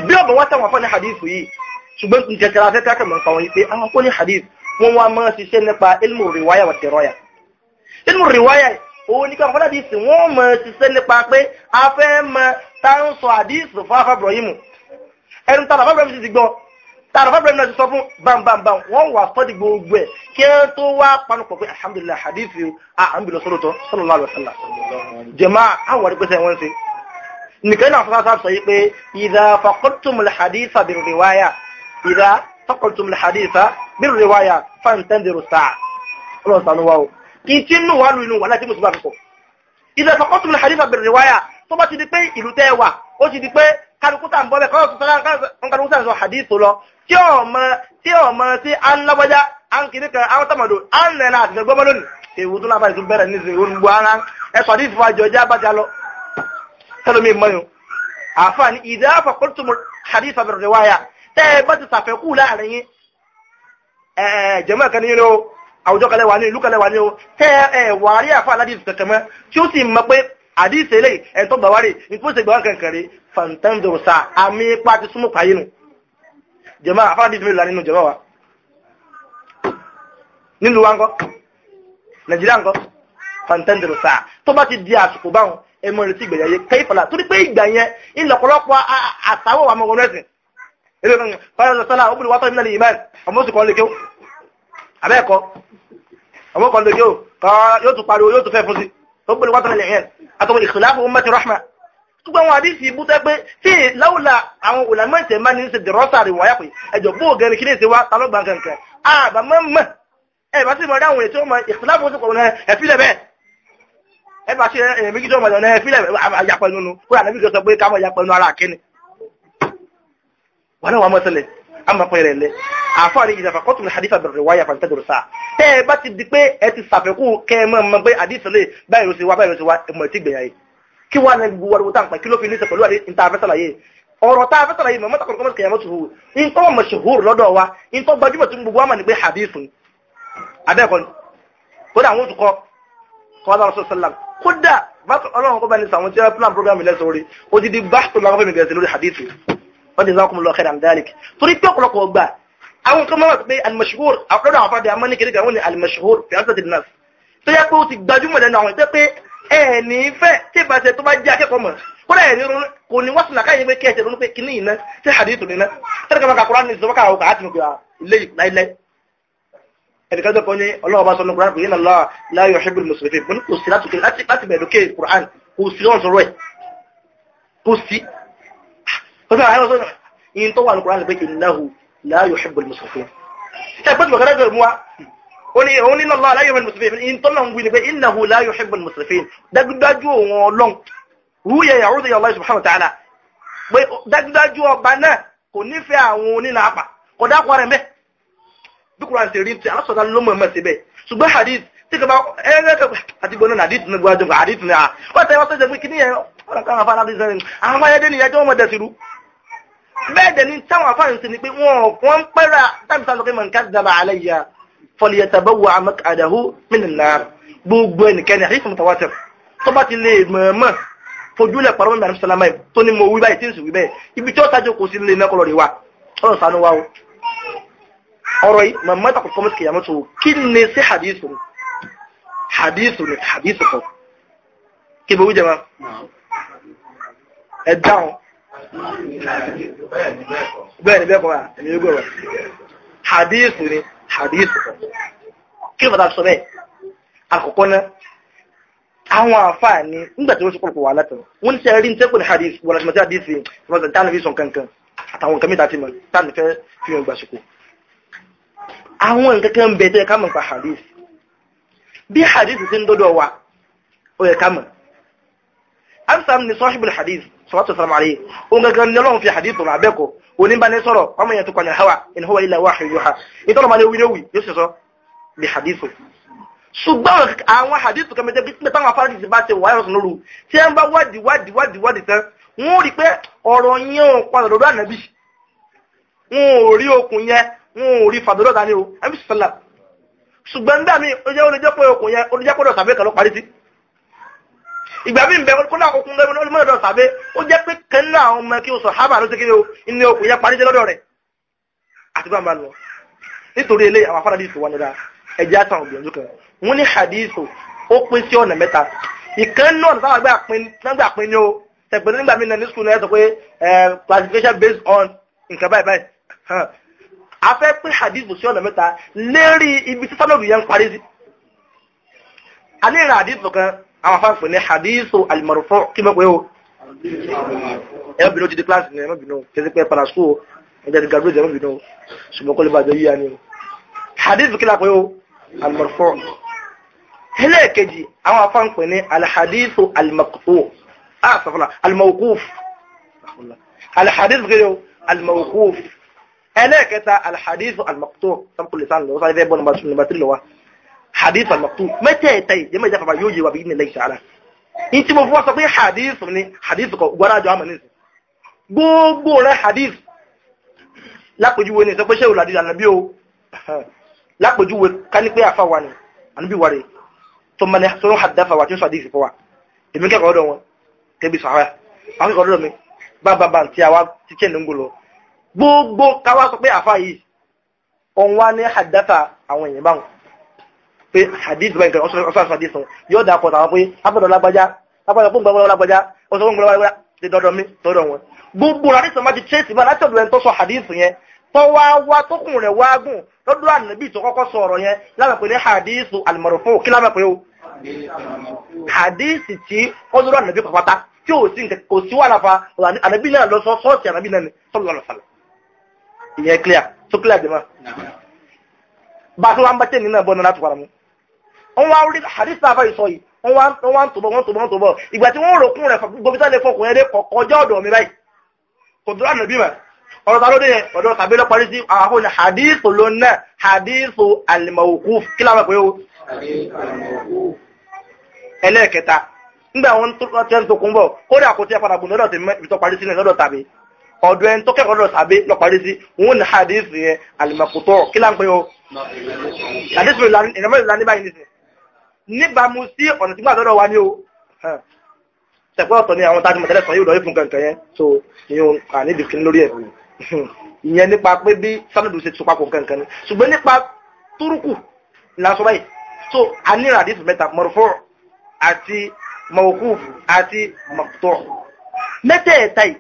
bí ọ̀bọ̀ wá sáwọn afọ́ní hadith yìí ṣùgbọ́n ní jẹjẹrẹ afẹ́fẹ́ akẹ́mọ̀ nǹkan wọn pé àwọn ah, afọ́ní hadith wọn wá máa ṣiṣẹ́ nípa ilmu riwaya wà tẹ̀rọ̀yà ilmu riwaya òun ní káwọn afọ́ní hadith wọn máa ṣiṣẹ́ nípa pé afẹ́ mọ táǹsọ̀ hadith fún afọ́ Ibrahim ẹnu tààrà afọ́ Ibrahim ti gbọ́ tààrà afọ́ Ibrahim náà ti sọ fún bambambam wọn wà sọ́dí gbogbo ẹ̀ kí wọ́n tó wá panupọ̀ pé alhamdulillah hadith yìí à ń bìlọ sọ́dọ̀ tó sallallahu alaihi wasallam jẹ̀máà àwọn àdìpẹ́sẹ̀ wọn nìkan náà fún sáà sọ yí pé ìdá faqultumul haditha bir riwaya ìdá faqultumul haditha bir riwaya fantandiru sáà ọlọ́run sànú wa o kì í tí nù wà lù inú wà láti mùsùlùmí àfikọ̀ ìdá faqultumul haditha bir riwaya tó bá ti di pé ìlú tẹ́ wà ó ti di pé kálukúta ń bọ́lẹ̀ kálukúta ń sọ lọ tẹ́lómi mọ́yò àfààní ìdáfà kọ́tùmù hadith abẹ̀rẹ̀ wáyà tẹ́ ẹ bá ti sàfẹ́kù láàrin yín jẹ́mọ́ kan nínú lo. kalẹ̀ wà ní ìlú kalẹ̀ wà ní o tẹ́ ẹ wà rí àfà aládìí kẹ̀kẹ́ mọ́ tí ó sì mọ pé àdìsẹ́ ilé ẹ̀ tó gbàwárì ìfúnṣe gbàwárì kankan rí fàǹtẹ́ǹdọ̀sà àmì ipa ti súnmọ́ pàyé nù jẹ́mọ́ àfà aládìí fẹ́lẹ̀ nínú jẹ́mọ́ wa nílùú wa ńkọ́ nàìjíríà ńkọ́ fàǹtẹ́ǹdọ̀sà tó bá ti di àsìkò báwọn ẹ mọ retí ìgbẹ̀yà yẹ kẹ́ ìfọ̀lá torí pé ìgbà yẹn ìlọ̀pọ̀lọpọ̀ àtàwọ̀ wà mọ̀gbọ̀n ẹ̀sìn ilé ìfọ̀n fọlá lọ sọ́lá ọ̀bùnrin wàtọ́ ìmìnà ìmọ̀ ọmọ oṣù kan lè kéwò abẹ́ẹ̀kọ́ ọmọ kan lè kéwò kọ́ yóò tún pariwo yóò tún fẹ́ fún sí ọ̀bùnrin wàtọ́ ìmìnà ìyẹn àtọ̀wọ̀ ìkìláàfù ummati rahma gbogbo àwọn àdìsí ibú tẹ́ pé tí láwùlà àwọn òlàmọ́ǹtẹ̀ máa ní ṣe dẹ̀rọ́sà rẹ̀ wáyà pé ẹjọ́ bó gẹ̀rẹ̀ kí ní ṣe wá talọ́gbà kankan àbámọ́ mọ́ ẹ̀ bá sì mọ̀ rí àwọn ètò ọmọ ìkìláàfù oṣù kan náà ẹ̀fílẹ̀ bẹ́ẹ̀ ẹ bá ṣe èèyàn méjì sọ̀rọ̀ ọ̀nà ẹ̀fílẹ̀ àyàpọ̀ ẹnu nu kó ànábì sọ pé káwọn àyàpọ̀ ẹnu ara kíni. wọn náà wà mọ́sẹ̀lẹ̀ amọ̀pẹ̀ rẹ̀ lẹ àfọ̀rí ìdàfàkọ́tù hadith àbẹ̀rẹ̀ wáyà fàǹtẹ́dùrú sáà tẹ́ ẹ bá ti di pé ẹ ti sàfẹ́kù kẹ́ ẹ mọ̀ mọ́ pé hadith lè báyìí ló ṣe wá báyìí ló ṣe wá ẹ̀mọ̀ ẹ̀tí gbẹ̀yà yìí kí wàá ní gbogbo ariwo táǹpà kí ló fi ní sẹ pẹ̀lú ìntàfẹ́sàlà yìí ọ̀rọ̀ tá a fẹ́ sàlàyé mọ̀mọ́ta kọ̀ọ̀kan mọ̀tò kẹ̀yàmọ́tò hù ntọ́ mọ̀ṣẹ̀húrù lọ́dọ̀ wa ntọ́ gbajúmọ̀ tó ń gbogbo àmà ní pé hadith abẹ́ẹ̀kọ́ ni kódà àwọn òtún kọ́ kọ́ńtà ọ̀sọ̀ sẹ́lẹ̀m kódà ọlọ́run kó bá ní sàwọn tí wọ́n plan program lẹ́sọ̀ orí ó ti di báṣọ làwọn fẹ́mi gẹ̀ẹ́sì lórí hadithi wọ́n ti sáwọn lọ kẹ́dà dáàlì torí pé ọ̀pọ̀lọpọ̀ gbà àwọn kan máa pé alimashihur àkọ́dọ̀ àwọn fàdé amọ́ ní kékeré àwọn ni alimashihur fiyansa ti nas tó yẹ pé ó ti gbajúmọ̀ lẹ́nu àwọn ìtẹ́ pé ẹ̀ ní fẹ́ tí ìbáṣẹ tó bá jẹ́ akẹ́kọ̀ọ́ mọ̀ kódà ẹ̀ ní ronú kò ní wọ́n sinaka yẹn pé kí ẹ̀ ṣe ronú pé kíní yìí ná ṣé hadith nínú tẹ́lẹ̀ kan máa ka kúránì sọ́kà àwọn kà á ti mú pé ilé ah, yìí láíláí ẹnìkan tó kọ́ ní ọlọ́wọ́ bá sọ́nà kùránì yìí lọ́la láyọ̀ ṣẹ́bìrì mùsùlùmí mo ní kò sí láti kiri láti láti bẹ̀rẹ̀ lókè kùránì kò sí lọ́wọ́ sọ̀rọ̀ ẹ̀ kò sí. ọjọ́ àyẹ̀wò sọ́nà yìí tó wà ní kùránì pé ìnáhù láyọ̀ kò nífẹ̀ẹ́ àwọn onínàápa kò dákọ̀ rẹ̀ mẹ́ẹ̀ bí kúrò àti rí ti alásọ̀dá ló mọ̀ mẹ́sẹ̀ bẹ́ẹ̀ ṣùgbọ́n hadith tí kò bá ẹ̀rẹ́ àti gbọ́n náà hadith ní gbọ́dọ̀ hadith ní à wọ́n tẹ́ wọ́n tó ṣe pé kíní yẹn wọ́n kàn án fara ní sẹ́yìn àwọn ayédè ni ẹjọ́ wọn dẹ̀sìrú bẹ́ẹ̀ dẹ̀ ni táwọn afárin sí ni pé wọ́n ń pẹ́ra tábí sáà lọ́kẹ́ mọ̀nká dàbà alẹ́ yà fọlìyàtàbọ̀wọ̀ àmọ́kàdàhù mìnìlá gbogbo ẹnikẹ́ni hadith mutawatir tó bá ti lè mọ̀ọ́mọ̀ fojúlẹ̀ ọ̀rọ̀ yìí màmá tàkù fọmọ sí kìyàmọ́ tó kí ni sí hadithu ni hadithu ni hadithu kọ kí bó jẹ́ ma ẹ dáhùn bẹ́ẹ̀ ni bẹ́ẹ̀ kọ́ wa ẹ̀mí yóò gbọ́rọ̀ hadithu ni hadithu kọ kí ló bàtà sọ bẹ́ẹ̀ àkọ́kọ́ náà àwọn àǹfààní nígbà tí wọ́n sọ́kọ̀ pọ̀ wà látọ̀ wọ́n ti rí tẹ́kù ní hadith wọ́n láti mọ̀ sí hadith yìí wọ́n ti tánà fi sọ kankan àtàwọn nǹkan mìíràn ti mọ̀ tánà fẹ́ fi hàn gbàsùkò àwọn nǹkan kan bẹ̀ tó yẹ ká mọ̀ nípa hadith bí hadith ti ń dọ́dọ̀ wa ó yẹ ká mọ̀ amsam ni sahibul hadith salatu salam alayhi o gangan ni Ọlọ́run fi hadith ra beko oni ba ni sọ̀rọ̀ ọmọ yẹn tó kọ ni hawa in huwa illa wahyu yuha in tọrọ ma ni wílé wí yóò sì sọ bí hadith ṣùgbọ́n àwọn hadith kan mẹ́tẹ́ bí pẹ́tàn wọn fáwọn bá ṣe wáyọ̀ sọ̀rọ̀ rú tí ẹ bá wádìí wádìí wádìí wádìí tán wọn rí pé ọ̀rọ̀ yẹn ò padà lọ́dọ̀ ànábì wọn ò rí okùn yẹn wọn ò rí fàdọ́dọ́ta ní o ẹbí sọ́lá ṣùgbọ́n ń dà mí ó jẹ́ olùjẹ́pọ̀ okùn yẹn olùjẹ́pọ̀dọ̀ tàbí kan ló parí sí ìgbà bí nbẹ kó náà okùn lọ́wọ́ olùmọ̀dọ̀ tàbí ó jẹ́ pé kan náà àwọn ọmọ kí o sọ hábà ló ti kí o ní okùn yẹn parí sí lọ́dọ̀ rẹ̀ àti bá ń bá lọ nítorí eléyìí àwọn afárá dìísù wà ní dáa ẹjẹ́ àtàwọn ògbìyànjú kan wọ́n ní hadithu ó pín sí ọ̀nà mẹ́ta ìkan náà sábà gbà pín o tẹ̀gbẹ́ nígbà mí náà ní sùkúl náà sọ pé eh, classification based on nǹkan báyìí a fẹ́ pín hadithu sí ọ̀nà mẹ́ta lérí ibi tí sánàdù yẹn ń parí sí a ní ìrìn hadithu kan àwọn afáàfẹ́ ní hadithu al-marfu' kí mọ́ pé o ẹmọ́bìnú ti di kíláàsì ní ẹmọ́bìnú tẹ́sí pé padà sùn ẹjẹ́ ti gàdúrà ẹmọ́bìnú ṣùgbọ́n kọ́lé bàjẹ́ yíya ni hadithu kí lápẹ́ o al-marfu' ẹlẹ́ẹ̀kejì àwọn afáàfẹ́ ní al-hadithu al-maqtu' ah sọfọlá al-mawquf al-hadithu kí ni o al-mawquf ẹlẹ́ẹ̀kẹta alhadithu almaqtu sanku lisan lọ sáré bọ́ nọmba tí lọ́wọ́ hadithu almaqtu mẹ́tẹ̀ẹ̀ta yìí jẹ́mẹ́jẹ́ bàbá yóò yẹ wà bí ní ilẹ̀ ìṣàlá in tí mo fọ́ sọ pé hadithu ni hadithu kọ gbọ́dá jọ àmọ́ nísìn gbogbo rẹ̀ hadith lápèjúwe ní ìsọpẹ́ṣẹ́ òlàdí ànàbí o lápèjúwe ká ní pé àfa wa ni ànàbí wa rẹ̀ tó mẹ́ni tó ń hadafa wa tí ń sọ hadith fún èmi kẹ́kọ̀ọ́ dọ̀ wọn kẹ́bi sọ̀rọ̀ gbogbo káwá sọ pé àfa yìí òun wá ní àdáta àwọn èèyàn báwọn pé hadith báyìí kan ọ̀sán ọ̀sán hadith wọn yóò dà pọ̀ tàwọn pé abọ́dọ̀ lágbájá abọ́dọ̀ fún gbọ́dọ̀ lágbájá ọ̀sán fún gbọ́dọ̀ lágbájá ti dọ́dọ̀ mi dọ́dọ̀ wọn. gbogbo hadith wọn bá ti chase láti ẹni tó sọ hadith yẹn tó wá wá tó kùn wá gùn tó sọ ihe clear so clear dị ma bakụwa mgbache nina bụ na natụkwara m nwa orí hadith náà fẹ́ ìsọyìí wọ́n wá ń tòbọ̀ wọ́n tòbọ̀ wọ́n tòbọ̀ ìgbà tí wọ́n ròkún rẹ̀ gomita lè fọkùn ẹ̀rẹ́ kọjọ́ ọ̀dọ̀ mi báyìí kò dúró àmì bímọ ọ̀rọ̀ ta ló dé yẹn ọ̀dọ̀ tàbí lọ parí al-mawquf o. ẹlẹ́ẹ̀kẹta nígbà wọn tó ń tó kún a ọ̀dọ̀ ẹni tó kẹ́kọ̀ọ́ lọ́dọ̀ tàbí lọ́parí sí òun ní hadith yẹn alimakutọ́ kí là ń pè ó hadith mi ìrànmọ́ wa ní o tẹ̀pẹ́ ọ̀tọ̀ ni àwọn tájúmọ̀ tẹ́lẹ̀ sọ so ìyẹn àní dìkín lórí ẹ̀ ìyẹn nípa pé bí sanadu ṣe tún papọ̀ kankan ni so a ní hadith mẹ́ta mọ̀rọ̀fọ́ àti mọ̀ọ́kù àti mọ̀tọ́ mẹ́tẹ̀ẹ̀ta yìí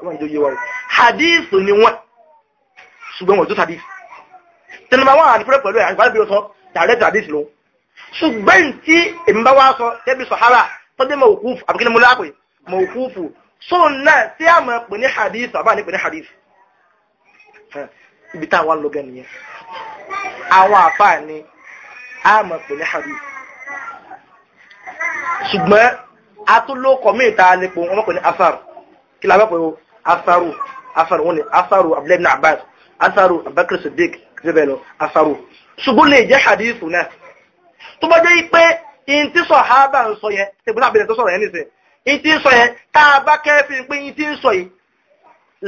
àwọn ìjọ yé wa rẹ̀ hadith ni wọ́n ṣùgbọ́n wọ́n tó hadith tẹnumọ́ àwọn àdìpẹ́rẹ́ pẹ̀lú ẹ̀ àgbàlagbé sọ direct hadith ló ṣùgbọ́n tí èmi bá wá sọ tẹ́bi sọ̀hárà tọ́jú mawquf àbíkí ni mo lápè mawqufu so náà tí a máa pè ní hadith àbá ní pè ní hadith ibi tá a wá lọ gẹ́ nìyẹn àwọn àfáà ni a máa pè ní hadith ṣùgbọ́n atúlókọ̀ mí ìta lè pò wọ́n pè ní afar kí la bá pè o asaru asaru wọn ni asaru abdulayi bin abbas asaru abakar sadiq kí bẹ́ẹ̀ lọ asaru ṣùgbọ́n lè jẹ́ hadithu náà tó bá jẹ́ pé in ti sọ ha bá ń sọ yẹn ṣègbọ́n àbẹ̀rẹ̀ tó sọ̀rọ̀ yẹn nìsín in ti sọ yẹn tá a bá kẹ́fì pé in ti sọ yìí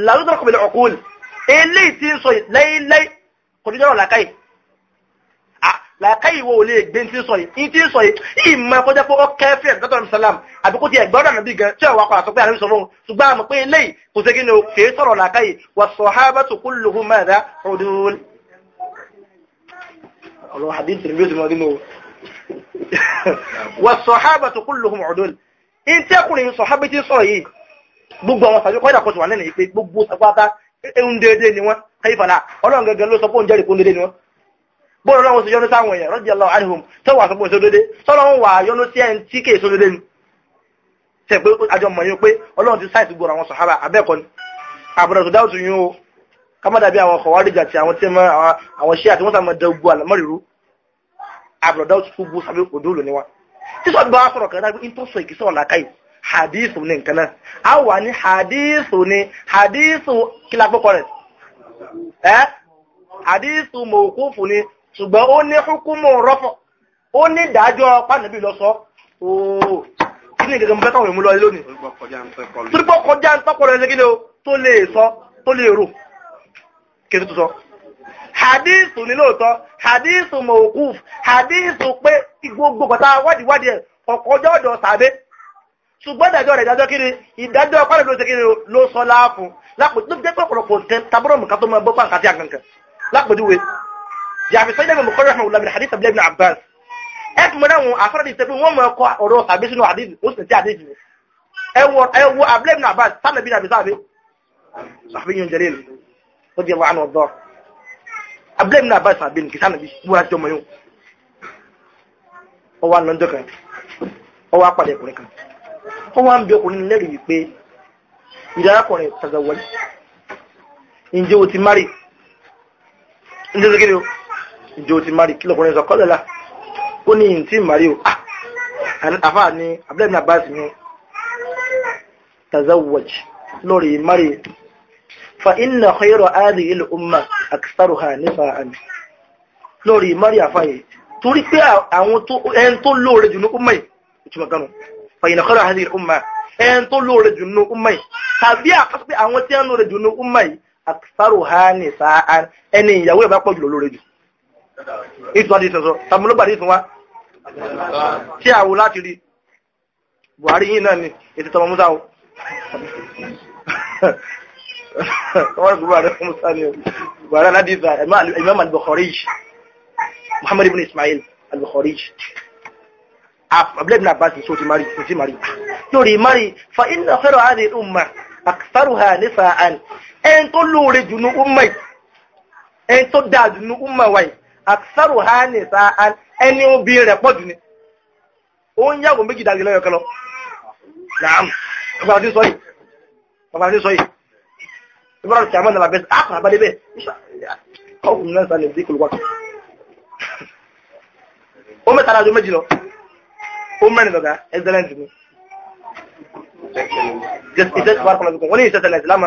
làlùsọ̀rọ̀ kọ̀bìlẹ̀ ọ̀kúl eléyìí ti sọ yìí láíláí kò ní jọ́rọ̀ làkàyè làákà ìwọ ò lè gbé tí ń sọ yìí ní tí ń sọ yìí ìmọ̀ kọjá pé ó kẹfẹ ẹgbẹtọ ní sàlám àbí kó ti ẹgbẹrún àná bí gan tí ọwọ akọlà sọ pé àná sọ fún pé eléyìí kò o kìí sọ̀rọ̀ làákà yìí wà sọhábàtù kulluhum mẹ́ta ọdún. ọlọ hadith tẹlifí ó ti mọ nínú o ọdún. gbogbo àwọn bọ́ọ̀lù ọlọ́run ti yọ́nú sáwọn èèyàn radiyallahu anhum tó wà sọ́pọ̀ ìṣòdódé tọ́lọ́run wà yọ́nú sí ẹni tí kèé sódódé ni tẹ̀ pé àjọ mọ̀ yín pé ọlọ́run ti sáìtì gbọ́rọ̀ àwọn sàhábà abẹ́ẹ̀kọ́ ni àbúrò tó dáwọ́ tó yín o kámọ́dà bí àwọn kọ̀wárìjà àti àwọn tí àwọn ṣé àti wọ́n sàmọ́ dẹ gbogbo àlámọ́rìrú àbúrò dáwọ́ tó gbogbo sàbí òdó lò níwá tí sọ́ọ̀dù bá wá sọ̀rọ̀ kan dágbé ìtọ́sọ̀ ìkísọ̀ làkàì hadithu ni nǹkan náà a wà ní hadithu ni hadithu kí lápẹ́kọ̀ rẹ̀ ẹ́ hadithu mawqufu ni ṣùgbọ́n ó ní hukumu rọ́fọ̀ ó ní ìdájọ́ pàdánù lọ sọ ooo kí ni gẹ́gẹ́ mo fẹ́ káwọn èèmú lọ lónìí torípọ̀ kọjá ń tọ́kọ̀ rẹ̀ ṣẹ́gídé o tó lè sọ tó lè rò kí ni tó sọ hadithu ni lóòótọ́ hadithu mawquf hadithu pé gbogbo kọta wádìíwádìí ẹ̀ ọ̀kọjọ́ ọ̀dọ̀ sàbẹ́ ṣùgbọ́n ìdájọ́ rẹ̀ ìdájọ́ kiri ìdájọ́ pàdé ló ṣe kiri ló sọ láàfún lápò tó jẹ́ pé ọ̀pọ̀lọpọ̀ tẹ tabúrò mùkà tó máa bọ́ pàǹkà sí àgànkà lápòjúwe jàbí sọ́jà bẹ̀ mọ̀kọ́rọ̀ rahman a hadith abdulayi bin abbas ẹ tún mọ̀ náà wọn àfọ́nàdì sẹ́pẹ́ wọ́n mọ̀ ẹ̀kọ́ ọ̀rọ̀ sàbí hadith ó ti hadith ni e e abbas yun di ẹwà àná ọ̀dọ́ abbas sàbẹ̀ ni kìsà nàbí wúra jọ mọ̀ yóò ọ wà lọ́jọ́ kan ọ wà pàdé ọkùnrin kan ọ wà ń bí ọkùnrin lẹ́rìí wípé ìdárakùnrin tàzàwọ́lì ǹjẹ́ o ti o ti ìjọ ti mari kí lọkùnrin sọ kọ́lọ́lá ó ní ìyìn tí mari o ah! àfà ni abdullahi bin abbas ni tazawwaj lórí mari fa inna khayra hadhihi al umma aktharuha nifa'an lórí mari àfà yìí torí pé àwọn ẹn tó lóore jù ní umma yìí ìtumọ̀ kanu fa inna khayra hadhihi al umma ẹn tó lóore jù ní umma yìí tàbí àwọn tí ẹn lóore jù ní umma yìí aktharuha nifa'an ẹni ìyàwó ẹ̀ bá pọ̀ jù lóore jù ìtọ́dí sọ̀sọ̀ tàbílógbàdí fún wa tí àwò láti rí Buhari yìí náà ni ètò tọmọ Musa o wọ́n gbogbo àrẹ fún Musa ni o Buhari Imam al-Bukharij Muhammad ibn Ismail al-Bukharij abúlé ibn Abbas tó ti mari tó ti mari lórí mari fa inna khayra hadhihi al-umma aktharuha nisa'an ẹn tó lóore jù ní umma ẹn tó dáa jù umma wáyé àtisárò ha ní sa ẹni obìnrin rẹ̀ pọ̀ jù ni ó ń yàgò méjì dàgbé lẹ́yọ̀ kẹlọ naam ọgbàrá tí sọ yìí ọgbàrá tí sọ yìí ìbára tí a mọ̀ nàlà bẹ́ẹ̀ àpà àbálẹ́ bẹ́ẹ̀ ọkùnrin náà sálẹ̀ sí kòlùwàkì ó mẹ́ta lájọ méjì lọ ó mẹ́rin lọ́gá excellent ni ìṣẹ́ ti wá kọ́lá lókun wọ́n ní ìṣẹ́ tẹ̀lẹ̀ ìsìlámù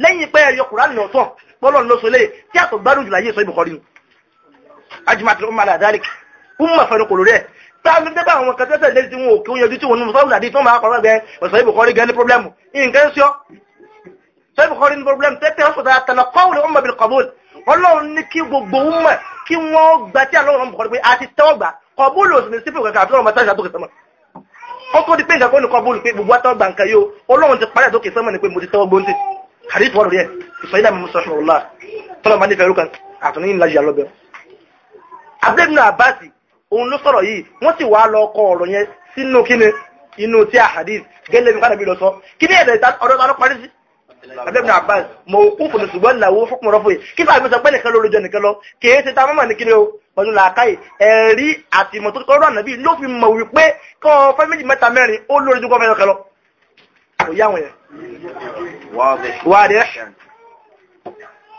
lẹ́yìn pé ẹyọ kùránì ọ̀tọ̀ pọ́lọ̀ ló so léyè tí àtọ̀ gbádùn jùlọ ayé sọ ibùkọ́ rí nu ajimatiri umar adalik umar fẹnu kò lórí ẹ táwọn ní bá àwọn kẹtẹ́tẹ́ lé tí wọn ò kí wọn yọjú tí wọn nù sọ́wọ́n àdé tí wọn máa kọ́ lọ́gbẹ́ ọ̀sọ̀ ibùkọ́ rí gan ní pọ́blẹ́mù nǹkan sọ sọ ibùkọ́ rí ní pọ́blẹ́mù tẹ́tẹ́ ọ̀sọ̀ tàlà kọ́wùlì umar bil qabul ọlọ́run ní kí gbogbo umar kí wọ́n gba tí àlọ́run pé àti tẹ́wọ́ gbà kọ́bùlù òsì pé gbogbo àtọ́gbà nǹkan yóò ọlọ́run ti parí àtòkè sọ́mọ́ ni pé mo ti tẹ́wọ́ gbóǹtì hadith wà lórí ẹ̀ ìfẹ̀yìnà mi musa ṣùgbọ́n ọ̀la tọ́lọ̀ máa nífẹ̀ẹ́ rúkan àtúní ńlá yà lọ́bẹ̀. abdulhamid abasi òun ló sọ̀rọ̀ yìí wọ́n sì wá lọ kọ ọ̀rọ̀ yẹn sínú kíni inú tí a hadith gẹ́lẹ́ mi kánà bí lọ sọ kí ni ẹ̀rẹ̀ ọ̀dọ́ ta ló parí sí. abdulhamid abasi mọ òkú fún ṣùgbọ́n ìnáwó fún kùmọ̀rọ̀ fún yìí kí sáà mi sọ pé nìkan ló lójọ pẹ̀lú làákàyè ẹ̀rí àtìmọ̀ tó kọ́ lọ́nà ló fi mọ̀ wípé kọ́ fẹ́ méjì mẹ́ta mẹ́rin ó lórí ju kọ́ fẹ́ lọ́kẹ́ lọ kò yá àwọn yẹn. wàdẹ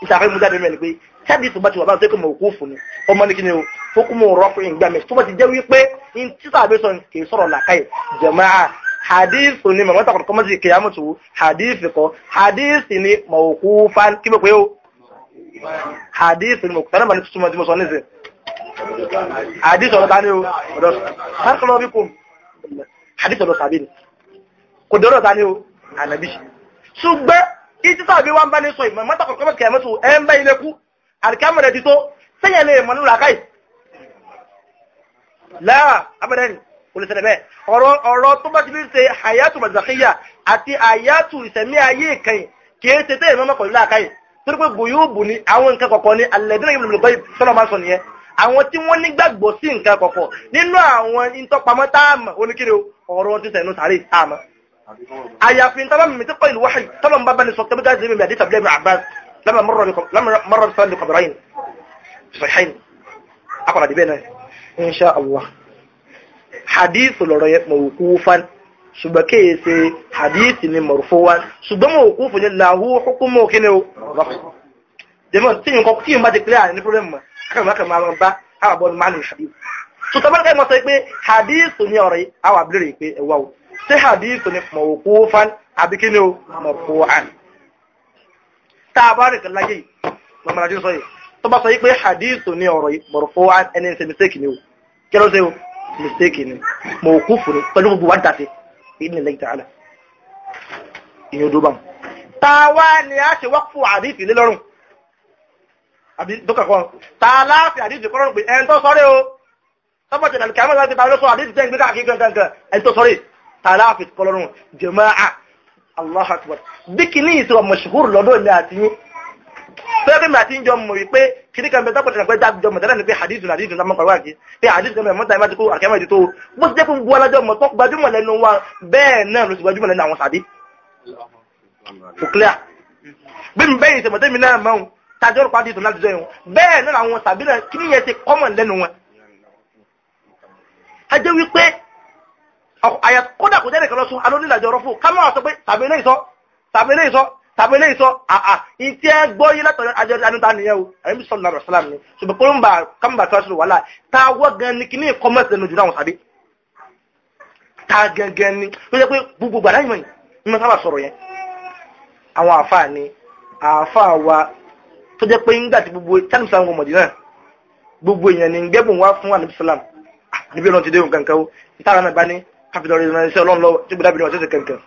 ìṣàfihàn mu jáde mẹ́rin pé sáàdì tó bá ti wà báyìí tó kọ́ mọ̀ òkú fún ni ọmọ ní kí ni o fókùmù rọ́pù ìgbà mi tó bá ti jẹ́ wípé ní títà àbí sọ kì í sọ̀rọ̀ làkàyè jẹ̀máà hadith ni mọ̀mọ́ta kọ̀ọ̀kan kọ́mọ́ sí kìyàmù tó hadith kọ́ hadith ni mọ̀ọ́kú fan kí mo pé o hadith ni mọ̀ọ́kú tánàbà ní tuntun mọ̀ tí mo sọ ní ìsìn hadith ọ̀rọ̀ ta o ọ̀dọ́ sáré kọ́ lọ́ọ́ bí kò hadith ọ̀dọ́ sàbí ni kò dọ́rọ̀ ta ni o ànàbí ṣùgbọ́n ìtí sábà bí wọ́n bá ní sọ ìmọ̀ mọ́tà kọ̀ọ̀kan mọ́tà kẹ̀mẹ́tù ẹ̀ ń bá ilé kú àdìkámọ̀ rẹ̀ ti tó sẹ́yìn lè mọ̀ nínú làákàyè láà abẹ́rẹ́ ni olùsẹ̀lẹ̀ bẹ́ẹ̀ ọ̀rọ̀ ọ̀rọ̀ tó bá ti fi ṣe àyàtù màzàkíyà àti àyàtù ìsẹ̀mí ayé ìkẹyìn kìí ṣe tẹ́yìn mọ́mọ́ pẹ̀lú làákàyè torí pé gbòyóòbù ni àwọn nǹkan kọ̀kọ̀ ni alẹ́dínlẹ̀ yìí lọ́gbọ́ tọ́lọ́ máa sọ nìyẹn àwọn tí wọ́n nígbàgbọ́ sí nǹkan kọ̀kọ̀ nínú àwọn ìtọ́pamọ́ táàmù oníkiri ọ̀rọ̀ ti sẹ̀nu sàárè táàmù àyàfi tábà mímí tí kọ́ ìlú wáhì tọ́lọ̀ ń bá bani sọ tẹ́bí gáàsì mímí àdìsá bílẹ̀ Abbas lama mọ́rọ̀ nípa ní kọ̀bọ̀rọ̀ yìí sọ̀hìn akọ̀rọ̀ àdìbẹ́ náà insha Allah hadith lọ́rọ̀ yẹ mawqufan ṣùgbọ́n kéye ṣe hadith ni marfuwan ṣùgbọ́n mawqufun ni lahu hukumu kíni o jẹ́mọ̀ tí nǹkan tí nǹkan bá ti pílẹ̀ àní problem mọ̀ akẹ́kọ̀ọ́ máa bá àwọn bọ́ọ̀lù máa ní hadith sọ̀tọ̀ bá ń kẹ́ mọ́ sọ pé hadith ni ọ̀rọ̀ yìí àwọn àbúrò yìí pé ẹ̀wá o tí hadith ni mawqufan àbí kí ni ó marfu'an tá a bá rí kan láyé yìí lọ́mọdé àdúgbò sọ yìí tó bá sọ yìí ni ọ̀rọ̀ yìí marfu'an ẹni ṣe mistake ni o kí ló ṣe mistake ni mawqufu ni pẹ̀lú gbogbo wa dàtí ìdílé lẹ́yìn tààlà ìyẹn odó bá wọn. wa ni a ṣe wákùú hadith lé lọ́rùn àbí ta tààlà fi hadith kọ́rọ̀ pé en to sọ́rí o tọ́pọ̀ tẹ̀lé kí a máa ti ta ló sọ hadith tẹ́ ń gbé káàkiri gangan ẹni tó tàlàfíì kọlọ́rùn jẹ̀máà Allahu Akbar bí kìíní ìṣòro mọ̀ṣúkúrù lọ́dọ̀ ní àti yín fẹ́ẹ́ bí mi àti yín jọ mọ̀ wípé kìíní kan bẹ́ẹ̀ tọ́pọ̀tẹ̀ pé jáde jọmọ̀ tẹ́lẹ̀ ní pé hadith hadith náà mọ̀ pàrọwà kí pé hadith kan bẹ́ẹ̀ mọ́ta ìmájú kó àkẹ́mọ̀ ètò bó ti jẹ́ fún buwọ́lá jọmọ̀ tó gbajúmọ̀ lẹ́nu wa bẹ́ẹ̀ náà ló sì gbajúmọ̀ lẹ́nu àwọn sàdí. bí mi bẹ́yìn ìṣẹ̀mọ̀ tẹ́mi náà mọ̀ tájọ́ rọ̀ pàdé ìtàn láti jọ bẹ́ẹ̀ àyà kódà kò jẹ́rìí kan lọ sún alónílàjọ ọ̀rọ̀ fún kámọ́ àsọ pé tàbí ilé ìsọ tàbí ilé ìsọ tàbí ilé ìsọ àà ìtí ẹ gbọ́ yí látọ̀ àjọ anúta nìyẹn o ẹ̀mí sọ̀rọ̀ nàrọ̀ sálàm ni ṣùgbọ́n kó ń bà kámbà tó aṣọ wàhálà tá a wọ́ gan ni kíní ìkọ́ mẹ́sẹ̀ lójú náà sàbí tá a gangan ni ló jẹ́ ni àfáà wa tó jẹ́ pé ńgbà tí gbogbo tẹ́lẹ̀ ni gbẹ́bùn wá fún àníbísọ́làm ah, àníbí ọlọ́run ti dé òun kankan o ìtara náà bá àfidọ̀rẹ̀ ìrìnà iṣẹ́ ọlọ́run lọ́wọ́ tí gbọ́dá bìnrin ọ̀sẹ̀sẹ̀ kẹ̀kẹ̀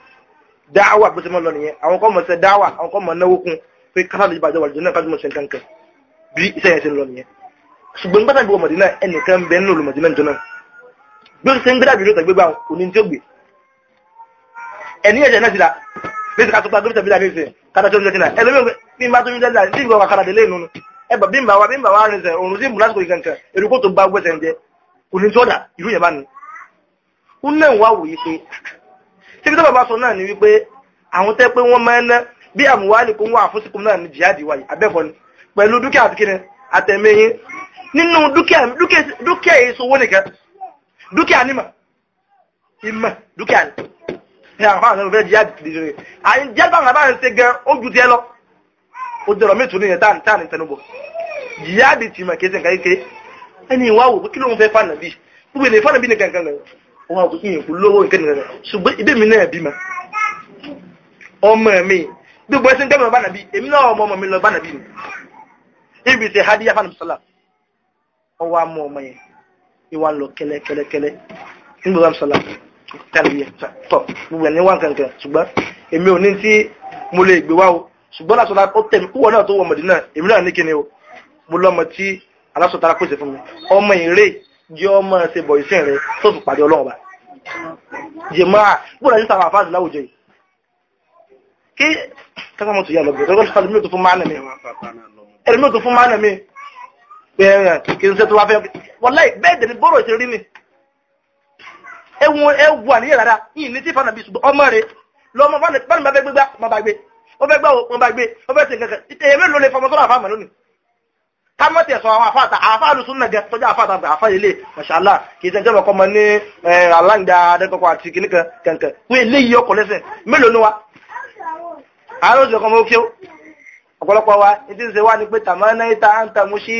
dáwà bó ṣe mọ́ lọ nìyẹn àwọn kọ́ mọ̀ ṣe dáwà àwọn kọ́ mọ̀ náwó kún pé kásá lè bàjẹ́ wàlùjọ náà kájú mọ̀ ṣe kankan bí iṣẹ́ yẹn ṣe lọ nìyẹn ṣùgbọ́n gbọ́dá bí wọ mọ̀dínà ẹnìkan bẹ nínú olùmọ̀dínà jọ náà bí ó ṣe ń gbọ́dá bìnrin ọ̀sẹ̀ gbégbá kò ní tí ó gbé ẹni ẹ̀jẹ̀ ti dà bí ká tó pa wa bí n bá wa rìn sẹ̀ òrùn sí ìmúlásìkò ìkankan èrò kó tó gba gbẹ́sẹ̀ ń jẹ kò ní tí ó dà ìlú yẹn ó náà wá wòye pé ṣé kí tó bàbá sọ náà ni wípé àwọn tẹ́ pé wọ́n máa ń ná bí àmúwálì kó ń wà fún síkùn náà ní jihadi wáyé abẹ́fọ́ ni pẹ̀lú dúkìá àti kíni àtẹ̀mẹ́yìn nínú dúkìá ìṣòwò nìkan dúkìá nímọ̀ ìmọ̀ dúkìá ni ní àwọn àwọn ọ̀fẹ́ jihadi kìdìdì rẹ̀ àyìn jihadi báwọn àbáyé ń ṣe gan ó ju tiẹ̀ lọ ó jọrọ mí tún níyẹn táà táà ní tẹnubọ̀ jihadi ti mọ̀ kéésì nǹkan kékeré ẹni ìwà wò kí ló ń fẹ́ fànàbí gbogbo ènìyàn fànàbí nìkan kan lọ wọn kò kí ìyìnkú lówó nǹkan nìkan ṣùgbọ́n ibé mi náà bímọ ọmọ mi gbogbo ẹsẹ̀ ń gbẹ́mọ̀ bá nàbí èmi náà ọmọ ọmọ mi lọ bá nàbí mi ibi ṣe hadiya fanu sọlá ọwọ́ amú ọmọ yẹn ìwà lọ kẹlẹkẹlẹkẹlẹ nígbà bá sọlá tàbí tọ gbogbo ẹni wà nǹkan nǹkan ṣùgbọ́n èmi ò ní tí mo lè gbé wá o ṣùgbọ́n lásọ̀tà ó tẹ̀mí kúwọ́ náà tó wọ mọ̀dínà èmi náà ní kíni o mo lọ́mọ tí alásọ̀tà pèsè fún mi ọmọ jẹ́ ọmọ ṣe bọ̀ iṣẹ́ rẹ tó fi pàdé ọlọ́run bá jẹ máa gbọ́dọ̀ yín sábà fáàdì láwùjọ yìí kí kẹ́kọ̀ọ́ mọ̀ tó yà lọ́gbẹ̀ẹ́ tó kọ́ ẹlòmíràn tó fún máàlẹ̀ mi ẹlòmíràn tó fún máàlẹ̀ mi bẹ́ẹ̀ kì í ṣe tó wá fẹ́ wọláì bẹ́ẹ̀ dẹ̀ ni bọ́rọ̀ ṣe rí mi ẹwùn ẹwù àníyàn rárá yìí ní tí fana bí ṣùgbọ́n ọmọ rẹ lọ́mọ fana bá fẹ́ gbégbá ọmọ bá gbé ó fẹ́ gbá ọmọ bá gbé ó fẹ́ ṣe nǹkan kan ìtẹ̀yẹ̀mẹ́ ló lè fọmọ sọ́dọ̀ àfàmà lónìí kámọ́tì ẹ̀sọ́ àwọn àfáàtà àfáàlù súnà gẹ tọ́jú àfáàtà àti àfáàlélé mọ̀ṣálà kì í ṣe ìjọba ọkọ̀mọ ní aláǹdà adẹ́kọ̀kọ̀ àti kìnìkan kẹ̀kẹ́ wọ́n eléyìí ọkọ̀ lẹ́sìn mélòó ni wa àárọ̀ òṣèlú ọkọ̀ mọ́ kí ó ọ̀pọ̀lọpọ̀ wa ní ti ń ṣe wá ní pé tàmánà ìta àǹtà mú sí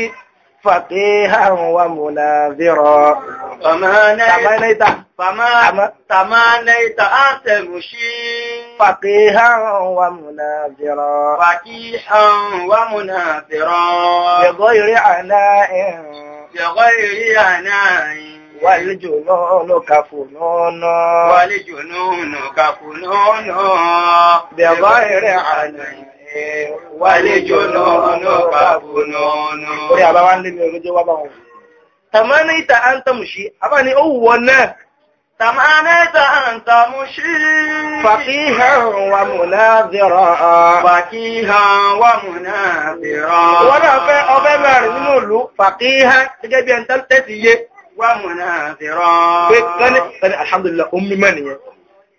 فقيها ومناذرا تمنيت تمنيت أن تمشي فقيها ومناذرا فقيها ومناذرا بغير عناء بغير عناء والجنون كفنون والجنون كفنون بغير عناء wálé jóná ọ̀nà bàbù nọ́ọ̀nà. Orí àbá wá ń lé mi olójó wá bá wọn. Tàmá ní ìta à ń tàmù sí, àbá ni ó wọ náà. Tàmá ní ìta à ń tàmù sí. Fàkíhàn wà mú náà dìrọ̀. Fàkíhàn wà mú náà dìrọ̀. Wọ́n náà fẹ́ ọbẹ̀ mẹ́rin nínú ìlú. Fàkíhàn gẹ́gẹ́ bí ẹni tẹ́tí yé. Wà mú náà dìrọ̀. Pé kán ní alhamdulillah, ó mímọ́ nìyẹn.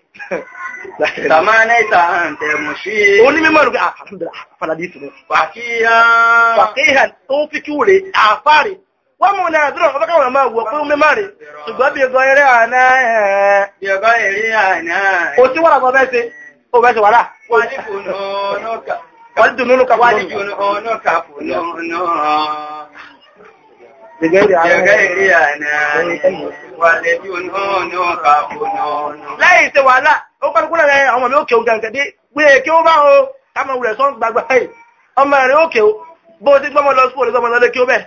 *laughs* Tàmánẹ́ta àǹtẹ̀ mọ̀ṣí. Ó ní mímọ̀ rú pé àfàlàdí ìtùnú. Fàkíhàn. Fàkíhàn tó ń fi kíwòrè àfáàrí. Wọ́n mú ní àdúrà ọ̀pọ̀ káwọn máa wọ̀ pé ó mímọ̀ rẹ̀. Ṣùgbọ́n bí ẹgọ eré àná ẹ̀. Bí ẹgọ eré àná ẹ̀. Kò sí wàrà kan fẹ́ ṣe. Ó fẹ́ ṣe wàrà. Wọ́n ní kùnú ọ̀nà kà. Wọ́n ní kùnú ọ̀nà kà. Wọ́n ní kùnú wàlẹ̀ bí onóònù ka onóònù. lẹ́yìn ṣe wàhálà ó kọ́ni kúrò rẹ̀ ọmọ mi ó kéwù gàǹgà dé gbé kí ó bá o ká e máa wulẹ̀ sọ́n gbàgbà ẹ̀ ọmọ rẹ̀ ó kéwù bó ti gbọ́mọ lọ sùkúrò lọ́mọ lọ́lẹ́ kí ó bẹ̀.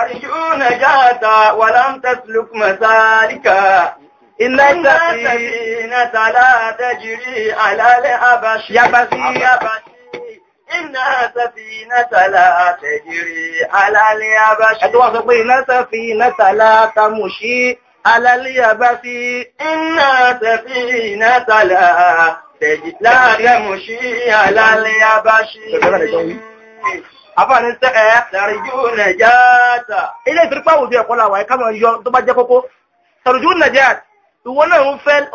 àríṣúnà jáàtà wà láǹtẹ̀sílùkùmọ̀sáríkà iná tàbí على اليبس إن سفينة لا تجلا يمشي على اليبس Àfáàní tẹ́ ẹ̀ tẹ̀rìjú Nàìjíríà. Ilé ìfìrípá òjò ẹ̀kọ́ làwà ẹ̀ká mọ̀ yọ tó bá jẹ́ kókó. Tẹ̀rìjú Nàìjíríà, ìwọ náà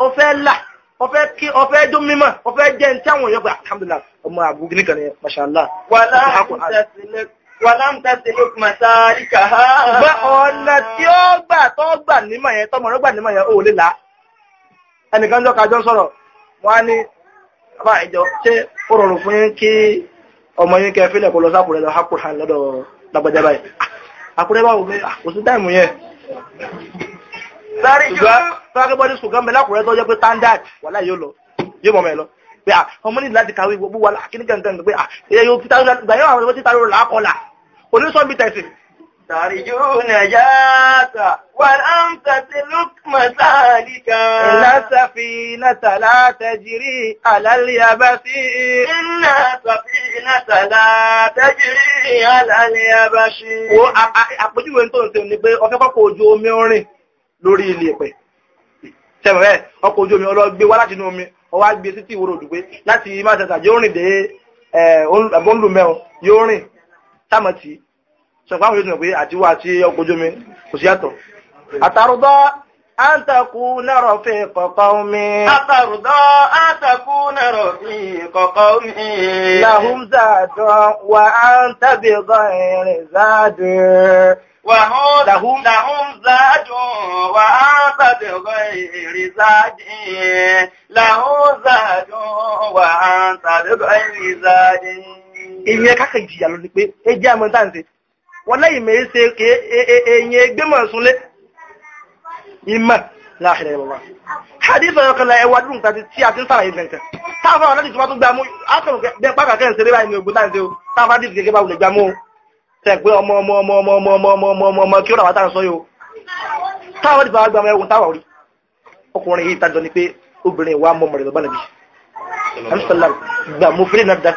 ó fẹ́ là, ó fẹ́ kí, ó fẹ́ jó mímọ̀, ó fẹ́ jẹ́ ní tí àwọn èèyàn gbà, alhamdulillah, ọmọ àbúgbìn kan ni, mashallah. Wàlám tàbí ta sáàrí ha Bá ọ̀nà tí ó gbà tó gbà nímọ̀ yẹn tọ́mọ̀ ló gbà nímọ̀ yẹn ó lè là. Ẹnìkan jọ kájọ sọ̀rọ̀, wọ́n ní bá ìjọ ṣé ó rọrùn fún yín kí ọmọ yín kẹ fílẹ̀ kó lọ sápùrẹ́ lọ hákùrẹ́ lọ́dọ̀ lágbàjá báyìí. Àkúrẹ́ báwo pé ah, kò sí táìmù yẹn. Sáàrí ìjọ tó akébọ́dé sùn gan mẹ́lá àkúrẹ́ tó jẹ́ pé standard wàlá yóò lọ, yóò mọ̀ mẹ́ lọ pé ah, ọmọ nílùú láti kàwé gbogbo kíní pé ẹ̀yọ́ àwọn tí oníṣọ́ bí tẹ̀sí. Tàríjú Nàìjíríà wà láǹtà tí lùkùmọ̀ sáàlì kan. Ìlàsàfí látàlá tẹ̀jìrí àlàlẹ́yàbá sí. Iná sàfí látàlá tẹ̀jìrí àlàlẹ́yàbá Wo a tó ń ṣe ni pé ojú omi rìn lórí ilé ọkọ̀ ojú omi ọlọ́gbé wá láti inú omi títí ìwòrò òdùgbé láti yóò rìn dé yóò rìn táàmù tí sọ̀kọ́ àwọn olóòtú pé àtiwá àti ọkọ̀ ojú omi kò sí yàtọ̀. àtàrúdọ́ àǹtakù nárọ̀ fi kọ̀kọ́ mi. àtàrúdọ́ àǹtakù nárọ̀ fi kọ̀kọ́ mi. lahum zaadun wa anta bi ghayri zaadun. لهم لهم زاد وأنت بغير زاد له زاد وأنت بغير زاد èyàn kákà ìjìyà lọ ni pé e jẹ́ àmọ́ táǹtì wọ́n lẹ́yìn mẹ́ ṣe èyàn ẹgbẹ́ mọ̀ súnlé ìmọ̀ láàrin ẹ̀rọ wa hadith ọ̀yọ́ kan láyé wá dùn tàbí tí a ti ń sàrà ilẹ̀ ìtẹ̀ táwọn fáwọn láti tí wọ́n tún gbà mú akọ̀rọ̀ bẹ́ẹ̀ pàkà kẹ́ ń ṣeré báyìí ní ogun táǹtì o táwọn fáwọn dìbò gẹ́gẹ́ bá wulẹ̀ gbà mú tẹ̀gbẹ́ ọmọ ọmọ ọmọ ọmọ ọmọ ọmọ ọmọ ọmọ ọmọ ọmọ kí ó rà wá táwọn sọ yìí o táwọn dìbò àwọn gbàmọ ẹwùn táwọn rí ọkùnrin yìí tajọ ni pé obìnrin wa mọ mọ̀rẹ̀ lọ́bàlẹ̀ bí amsterdam gbà mú fílẹ̀ náà dá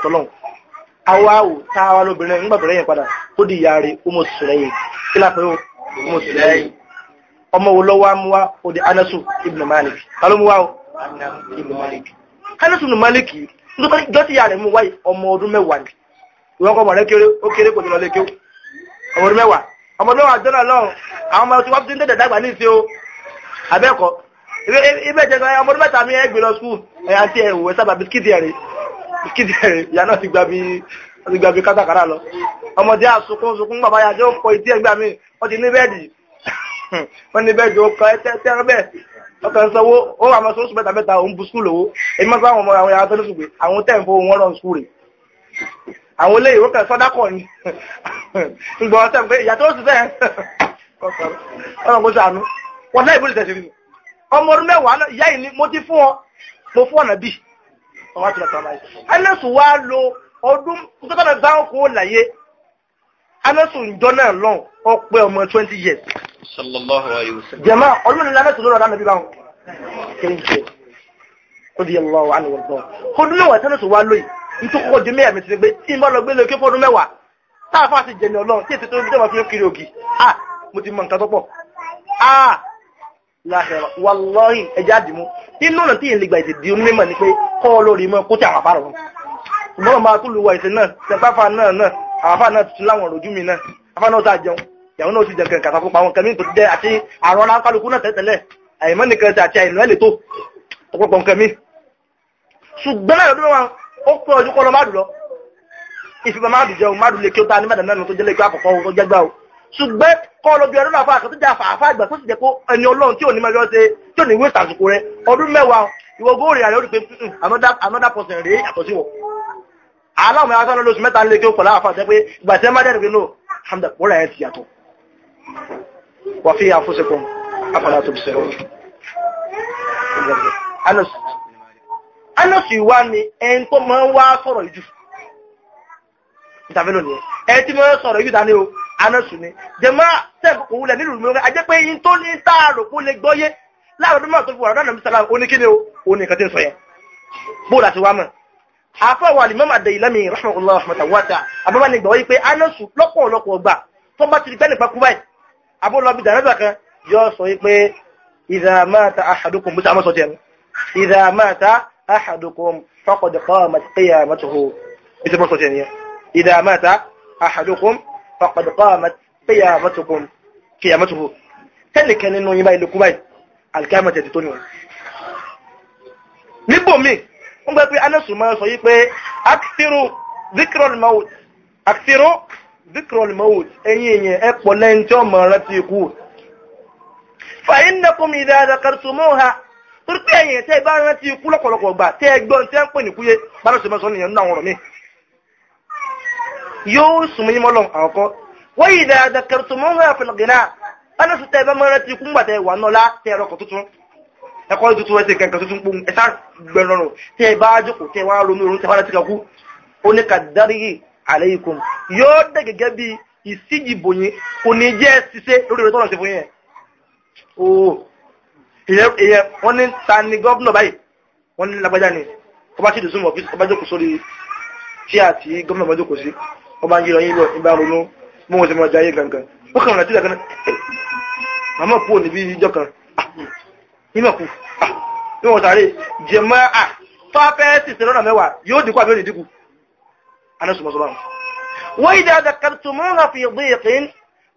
awáwò táwa lóbìnrin ńgbàbìnrin yẹn padà tó di ìyá rẹ̀ ọmọ sùlẹ̀yìn kí lápẹ́ ó ọmọ sùlẹ̀yìn ọmọ wo lọ́wọ́ amúwá ó di anasu ibn malik kálọ́ mú wá o ibn malik anasu ibn malik dọ́tí ìyá rẹ̀ mú wáyé ọmọ ọdún mẹ́wàá ni ìwọ́n kọ́ ọmọ kéré ó kéré kò ní lọ lé ọmọ ọdún mẹ́wàá ọmọ ọdún mẹ́wàá lọ́rùn àwọn ọmọ ti ń tẹ̀tẹ̀ dàgbà o kíni ìyá náà ti gba bí ti gba bí kátàkárà lọ ọmọdé àsokún sokún bàbá yà jẹ́ òkọ ìdí ẹgbẹ́ mi wọ́n ti ní bẹ́ẹ̀dì *laughs* wọ́n ní bẹ́ẹ̀dì òkọ ẹtẹ́rẹ́ bẹ́ẹ̀ ọkàn sanwó ó wà máa sọ́sù mẹ́ta mẹ́ta òun bu skul owó èyí máa sáwọn ọmọ àwọn yàrá tó ní sùgbé àwọn tẹ̀ ń fowó wọn lọ́n skul rè àwọn ilé ìwé kan sọ́dá kọ̀ ni ǹgbọ́n *laughs* ọ̀sẹ̀ pé ìyá tó sì fẹ́ ọ̀rọ̀ kó sànú wọn náà ìbúlẹ̀ tẹ̀sí ọmọ ọdún mẹ́wàá ìyá yìí ni mo ọwá tó lọ́tọ̀ báyìí anẹ́sù wá ní anẹ́sù tí anẹ́sù wá lóyè nítorí kókó di mẹ́yà mi ti gbé tí ti jẹ̀ ní tó ń bí láàrẹ̀ wàlọ́rìn ẹja àdìmú inú ọ̀nà tí ìlẹ̀gbà ètè di onímọ̀ ni pé kọ́ lórí mọ́ kó tí àwọn afárọ̀ wọn ṣùgbọ́n ọmọ akúlù wọ ìṣe náà tẹpáfà náà náà àwọn afá náà tuntun láwọn òròjú mi náà afá náà sá jẹun ìyàwó náà sì jẹ kẹ̀kẹ́ àfapọ̀ àwọn kẹmí tó ti jẹ àti àrùn alákálukú náà tẹ́tẹ́lẹ̀ àìmọ́ nìkan ti àti àìlú ẹ̀lẹ́tò ọ̀pọ̀pọ̀ kẹmí ṣùgbọ́n náà lọ́dún ṣùgbọ́n kọ́ lọ bí ọdún àfáà kan tó jẹ́ àfààfà àgbà tó sì jẹ́ kó ẹni ọlọ́run tí ò ní mẹ́jọ ṣe tí ò ní wé ìtàsùkò rẹ ọdún mẹ́wàá ìwọ góòrè rẹ ó rí hmm, hmm, another person rèé yàtọ̀ sí wọn. aláwọ̀ ẹ̀ka sọ́nà lóṣù mẹ́ta lé kí ó pọ̀ láàfà sẹ́ pé ìgbà tí ẹ má dẹ́rù pé no hamda wọ́n ẹ̀ ti yàtọ̀. wà fi àfúnṣepọ̀ afọlá tó anásù ni jẹmọ́ sẹ́ẹ̀kù òun lẹ̀ nílùú mìíràn ajẹ́ pé yín tó ní táàrò kó lè gbọ́yé láàrin mímọ̀ tó fi wà lọ́nà mísàlá oníkíni o oní nǹkan tí ń sọ yẹn bóòlù àti wàmọ̀ àfọwọ́ alimọ́mọ́ adé ìlànà rahmanulah rahmatawata abọ́bá ni gbàwọ́ yìí pé anásù lọ́pọ̀lọpọ̀ gbà tó bá ti di pẹ́ẹ́nì pakú báyìí abọ́lọ́bí dàrẹ́bà kan faqad qamat qiyamatukum qiyamatuhu tẹ́nìkan nínú yín báyìí lókú báyìí alikiyama tẹ̀ ti tó níwọ̀n. níbò míì wọ́n gbé pé anásù máa sọ yí pé akifiru zikrol maut akifiru zikrol maut ẹ̀yin èèyàn ẹ̀ pọ̀ lẹ́yìn tí ọmọ rẹ ti kú. fàyínnakum ìdá ha torí pé ẹ̀yin tẹ́ ẹ bá rántí ikú lọ́pọ̀lọpọ̀ gbà tẹ́ ẹ gbọ́ tẹ́ ń pè ní kúyé yóò súnmọ́ yín mọ́lọ́n àkọ́kọ́ wọ́n yìí dá dàkẹ́rùtù mọ́ wọn fẹ̀lẹ̀ gẹ̀nà ẹni sọ tẹ́ẹ̀ bá mọ́ra ti kún gbàtẹ́ wà náà lá tẹ́ ẹ̀rọ tuntun ẹ̀kọ́ tuntun ẹ̀sẹ̀ kẹ̀kẹ́ tuntun pọ̀ ẹ̀sà gbẹ̀rọ̀rọ̀ tẹ́ ẹ bá jókòó tẹ́ wá ronú orun tẹ́ wá láti kakú ó ní ka dáríyì aleikum yóò dẹ̀ gẹ́gẹ́ bí ìsíjìbò yín kò ní jẹ́ ṣiṣẹ́ lórí rẹ̀ tọ́lọ̀ ṣe fún o ìyẹn wọ́n ní ta ni gọ́vnọ̀ báyìí wọ́n ní lágbájá ni ọba tí ìdùsùn mọ̀ ọba jókòó sórí tí àti gọ́vnọ̀ ọba jókòó sí ọba ń yíra yín lọ ìbá ronú mú wọn sì máa jayé kankan ó kàn rántí lẹ́kan eh, eh, màmá kú níbi ìjọ kan ah, nímọ̀ kú ah, níwọ̀n sáré jẹmọ́ à tọ́pẹ́ẹ́sì sí lọ́nà mẹ́wàá yóò dínkù àbẹ́rẹ́ dínkù anásùmọ̀sọ́bà wọ́n ìdá àdàkàtùmọ́nà fi ìgbé ìpín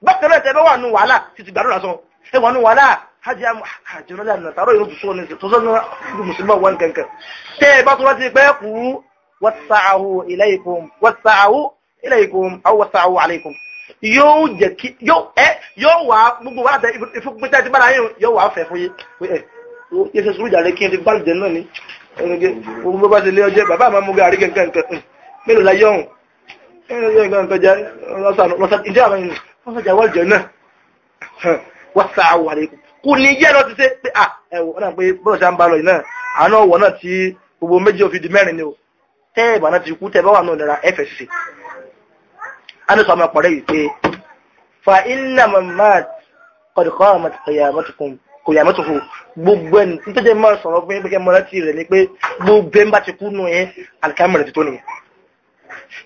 bákan náà tẹ́bẹ́ wà nù wàhálà títí gbàdúrà lásán ẹ wà nù wàhálà hajjá ah, àjọyọ̀lá nàtàrọ̀ yóò dùsọ́ ní tọ́sọ́nà mùsùlùmá wọn kankan tẹ́ ẹ bá tó láti pẹ́ kú wọ́n sàáhù ilẹ̀ ìkùn wọ́n sàáhù ilaykum aw wasa'u alaykum yóò jẹ́ kí yóò wá gbogbo wà tẹ ìfúnpẹ́tẹ́ ti bára yín yóò wá fẹ́ fún yín pé ẹ̀ yẹ ṣe sùúrù jàre kí n fi bá lùdẹ̀ náà ni ẹnìkẹ́ gbogbo bá ti lé ọjọ́ bàbá àmọ́ mú gàrí kẹ̀kẹ́ nǹkan mélòó la yọ̀hún ẹnìkẹ́ nǹkan jẹ́ lọ́sàn ìdí àwọn ènìyàn wọ́n sọ̀jà wọ́ọ̀lù jẹ́ náà wasa'u alaykum kò ní yẹ́ lọ ti ṣe pé à ẹ̀wọ̀n náà pé bọ́ọ̀ ṣá ń bá yìí náà àná ọ̀wọ̀ náà ti gbogbo méjì òfin di mẹ́rin ni o tẹ́ẹ̀bà náà anisọ ọmọkùnrin yìí pé fa ilẹ̀ mamad kọ̀dùkọ́ kòyàmọ́tòkò gbogbo ẹni tí tẹ́jẹ́ máa sọ̀rọ̀ fún pé mọ́ra ti rẹ̀ ni pé gbogbo ẹ̀ ń bá ti kú nù yẹn alikamọ̀ rẹ̀ ti tó nìyẹn.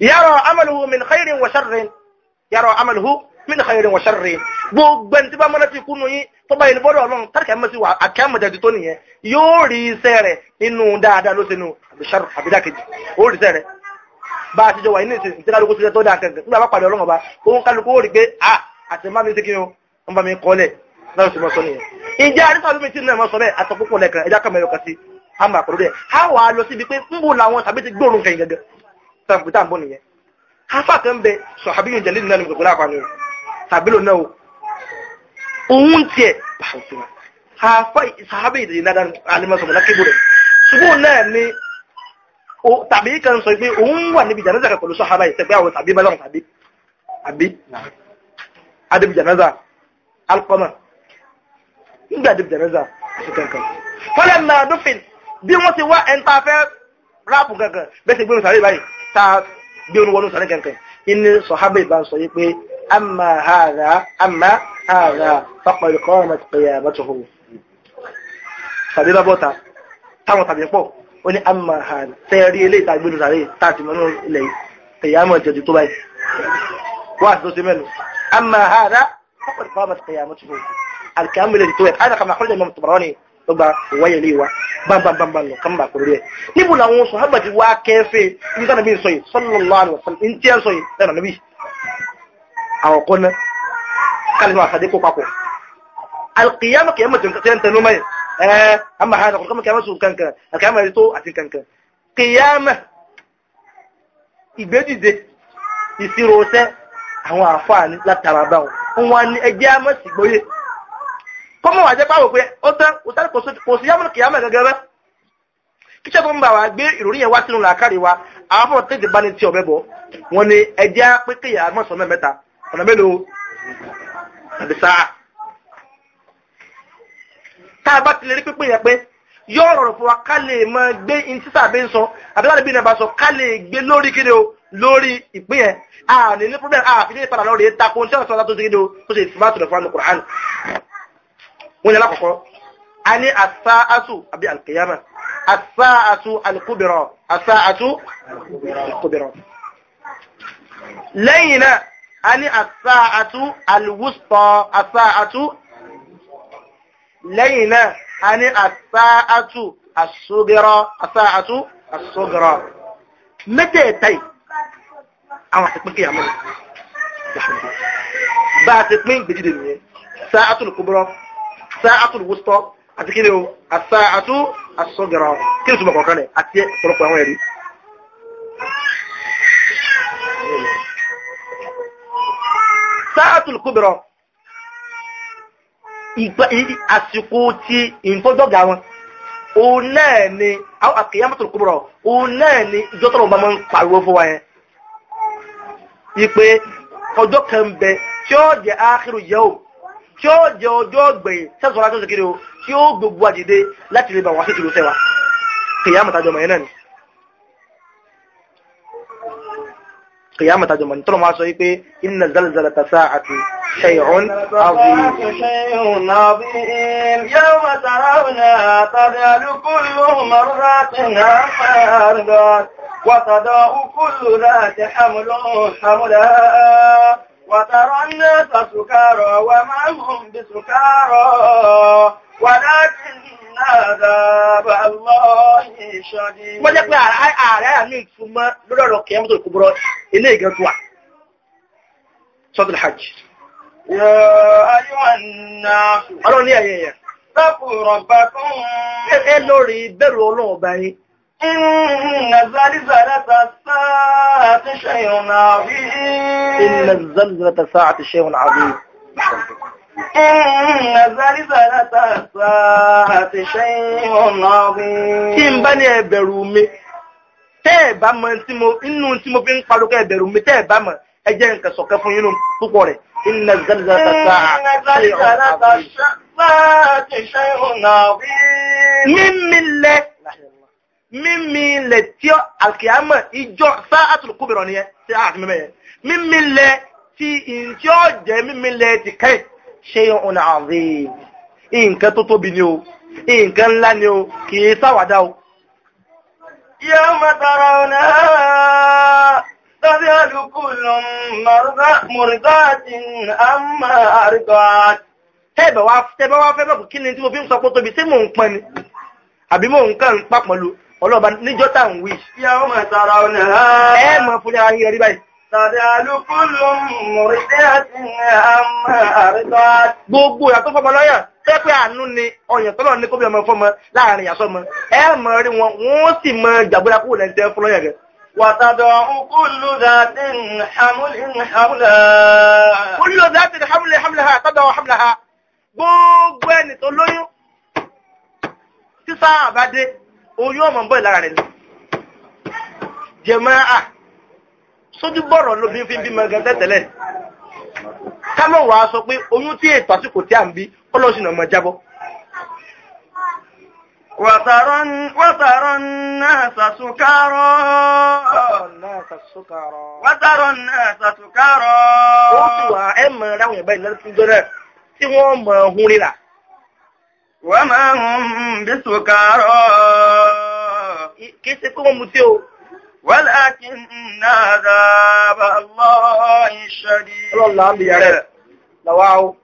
yàrá amaluhu min khairin wa sharrin yàrá amaluhu min khairin wa sharrin gbogbo ẹni tí bá mọ́ra ti kú nù yín tó bá yẹn bọ́dọ̀ ọlọ́run tàbí kàmọ́ sí wa àkàmọ̀ rẹ̀ ti tó nìyẹn yóò rí iṣẹ́ rẹ̀ nínú dáadáa ló ṣe nù àbíṣàrò àbídàkejì ó rí iṣẹ́ bá a ti jọ wà nínú ìsìn tí kálukú ti jẹ tó dáa kẹ̀kẹ́ nígbà bá pàdé ọlọ́run ọba òun kálukú ó rí pé a àti má mi ti kí ni wọn bá mi kọ́lẹ̀ láti ti mọ sọ nìyẹn. ìjẹ́ àríkà olómi tí náà mọ sọ bẹ́ẹ̀ àtọ̀ púpọ̀ lẹ́kàn ẹja kàmẹ́ ẹ̀rọ kan sí àmà àkọ́rọ́ rẹ̀ a wà á lọ síbi pé ń bò làwọn tàbí ti gbóòórùn kẹ̀yìn tàbí kan sọ pé òun wà níbi jànáza kan pẹ̀lú sọ́hábà ìtẹ́gbẹ́ àwọn tàbí bá tàbí àbí adébí jànáza alkọ́mà nígbà adébí jànáza àti kankan. fọlẹ́ náà dófin bí wọ́n ti wá ẹ̀ńtà fẹ́ ráàpù kankan bẹ́ẹ̀ sì gbé wọn báyìí tá a gbé wọn wọnú kankan inú sọ́hábà ìbá sọ pé àmà hàrà àmà hàrà kọ́ ó ní àmà hàn tẹ́ẹ̀rí ilé ìtàgbélú sàárè tààtì mọ́nú ilẹ̀ tẹ̀yàmọ̀ ìjọjú tó báyìí wá àti tó ṣe mẹ́nu àmà hàn rá fọ́pọ̀lù fáwọn àti tẹ̀yàmọ̀ tó fún alkàmù ilé tó ẹ̀ àyà kàmà kọ́lẹ̀ mọ́mù tọ̀bọ̀rọ̀ ni ó gba ìwáyẹ̀ ilé wa bámbámbámbá lọ kàmà kò rí ẹ̀ níbo làwọn sọ hábà ti wá kẹfẹ́ ibi اه اما حاجه نقول كما كما سو كان كان كما ريتو اتين كان كان قيامه ìgbédìde ìṣirò iṣẹ́ àwọn àǹfààní látara bá wọn wọn ni ẹjẹ́ àmọ́ ìgbóyè kọ́mọ̀ wà jẹ́ pàwọ̀ pé ó tán òtàrí kò sí yámọ̀ tó ń bà gbé sínú làákàrí wa àwọn fọ́n tètè bá ní ti ọ̀bẹ bọ̀ wọn ni pé kéèyàn mẹ́ta ọ̀nà mélòó tá a bá ti lè rí pípé yẹn pé yóò rọrùn fún wa ká lè mọ gbé intísà bí ń sọ àbíwájú bí nàbà sọ ká lè gbé lórí kíni o lórí ìpín yẹn a ní ní problem a fi ní padà lọ rèé tako ní sọ́dọ̀ tó ti kíni o tó ṣe ìfúnbá tó lọ fún alukur'an. wọ́n yẹn lákọ̀ọ́kọ́ a ní asaatu àbí alkiyama asaatu alkubirọ asaatu alkubirọ. lẹ́yìn náà a ní asaatu alwusta asaatu lẹ́yìn náà a ní àsáàtù àṣógẹ́rọ àsáàtù àṣógẹ́rọ mẹ́tẹ̀ẹ̀ta àwọn àti pínkì àmọ́ bá a ti pín gbèjìdè nìyẹn sáàtù lùkúbọ́rọ́ sáàtù lùwústọ́ àti kí ni o àsáàtù àṣógẹ́rọ kí ni túnbọ̀ kọ̀ọ̀kan rẹ̀ àti ọ̀pọ̀lọpọ̀ àsìkò tí ìfọ́jọ́gà wọn òun náà ni àkìyàmọ́tò kúrọ̀ òun náà ni ìjọ tọ́lọ̀ máa ń pariwo fún wa yẹn ipe ọjọ́ kan bẹ tí ó jẹ́ ákìrù yẹ́ o tí ó jẹ́ ọjọ́ ọgbẹ̀yìn sẹ́sọ̀rọ̀ àti òṣèkiri o tí ó gbogbo àdìde láti lè bà wá sí ìlú sẹ́wà kìyàmọ́tàjọmọ̀ yẹn náà ni قيامة عدو من ما سوي إن زلزلة ساعة شيء عظيم شيء عظيم يوم ترون تذهل كل مرات عما وتضاء كل ذات حمل حملها وترى الناس سكارى وما هم بسكارى ولكن عذاب الله شديد mo jẹ́ pé ààrẹ àmì ìtumọ̀ lórí ọ̀rọ̀ kìí mọ́tò ìkúbọ̀rọ̀ ilé ìgẹ̀ tó wà sọ́dún hajj ọlọ́run ní ẹ̀yẹ̀ yẹn ẹ lórí bẹ̀rù ọlọ́run ọba yín Inna zalzalata sa'ati shay'un 'azim. Inna zalzalata sa'ati shay'un 'azim. Inna zalzalata saati shay'un 'azim. Kí n bá ní ẹ bẹ̀rù mi, tẹ́ ẹ̀ bá mọ̀ inú tí mo fi ń parọ́ kẹ́ ẹ bẹ̀rù mi, tẹ́ ẹ̀ bá mọ̀ ẹ jẹ́ nǹkan sọ̀kẹ́ fún inú púpọ̀ rẹ̀. Inna zalzalata saati shay'un 'azim. Mímí lẹ, mímí lẹ tí àkìámọ̀ ìjọ sáàtùl kúbìrọ̀ nìyẹn Mímí lẹ mímí lẹ ti kẹ́yìn shay'un azim nǹkan tó tóbi ni o nǹkan ńlá ni o kìí sáwàdá o. yawma tarawna tadhalu kullu murdatin amma ardat. tẹ́ẹ̀bẹ̀ wá fẹ́ bẹ́ẹ̀ kí ni tí mo fi ń sọ pé tóbi tí mò ń pọn ni àbí mò ń kàn ń pàpọ̀ lu ọlọ́ọ̀bá níjọ́ tá ń wí. yawma tarawna. ẹ Gbogbo ìyàtọ̀ fọmọ lọ́yàn tẹ́ pé àánú ni ọyàn tọ́lọ̀ ní kóbi ọmọ fọmọ láàrin ìyàsọ́ mọ. Ẹ mọ̀ rí wọn, wọ́n sì mọ jàgbọ́dá kúrò lẹ́yìn tẹ́ fún lọ́yàn rẹ̀. Wàtàdọ̀ kúlù dáadé hamlẹ̀ Kúlù dáadé hamlẹ̀ hamlẹ̀ ha tọ́dọ̀ hamlẹ̀ ha. Gbogbo ẹni tó lóyún sísá àbádé oyún ọmọ ń bọ̀ lára rẹ̀ ni. Jẹ̀máà sójú bọ̀rọ̀ lóbi fi ń bí mọ̀gán tẹ́tẹ̀lẹ̀ kámọ̀ wàá sọ pé oyún tí ètò àsìkò tí à ń bí ọlọ́sìn ọmọ jábọ́. وترى الناس سكارى ó sì wà ẹ̀ mọ̀ láwọn ìgbà ìlẹ́sìn jọ́rẹ̀ tí wọ́n mọ̀ ọ̀hún rírà. wọ́n máa ń bí ṣe pé o ولكن عذاب الله شديد والله عم يعرف لواو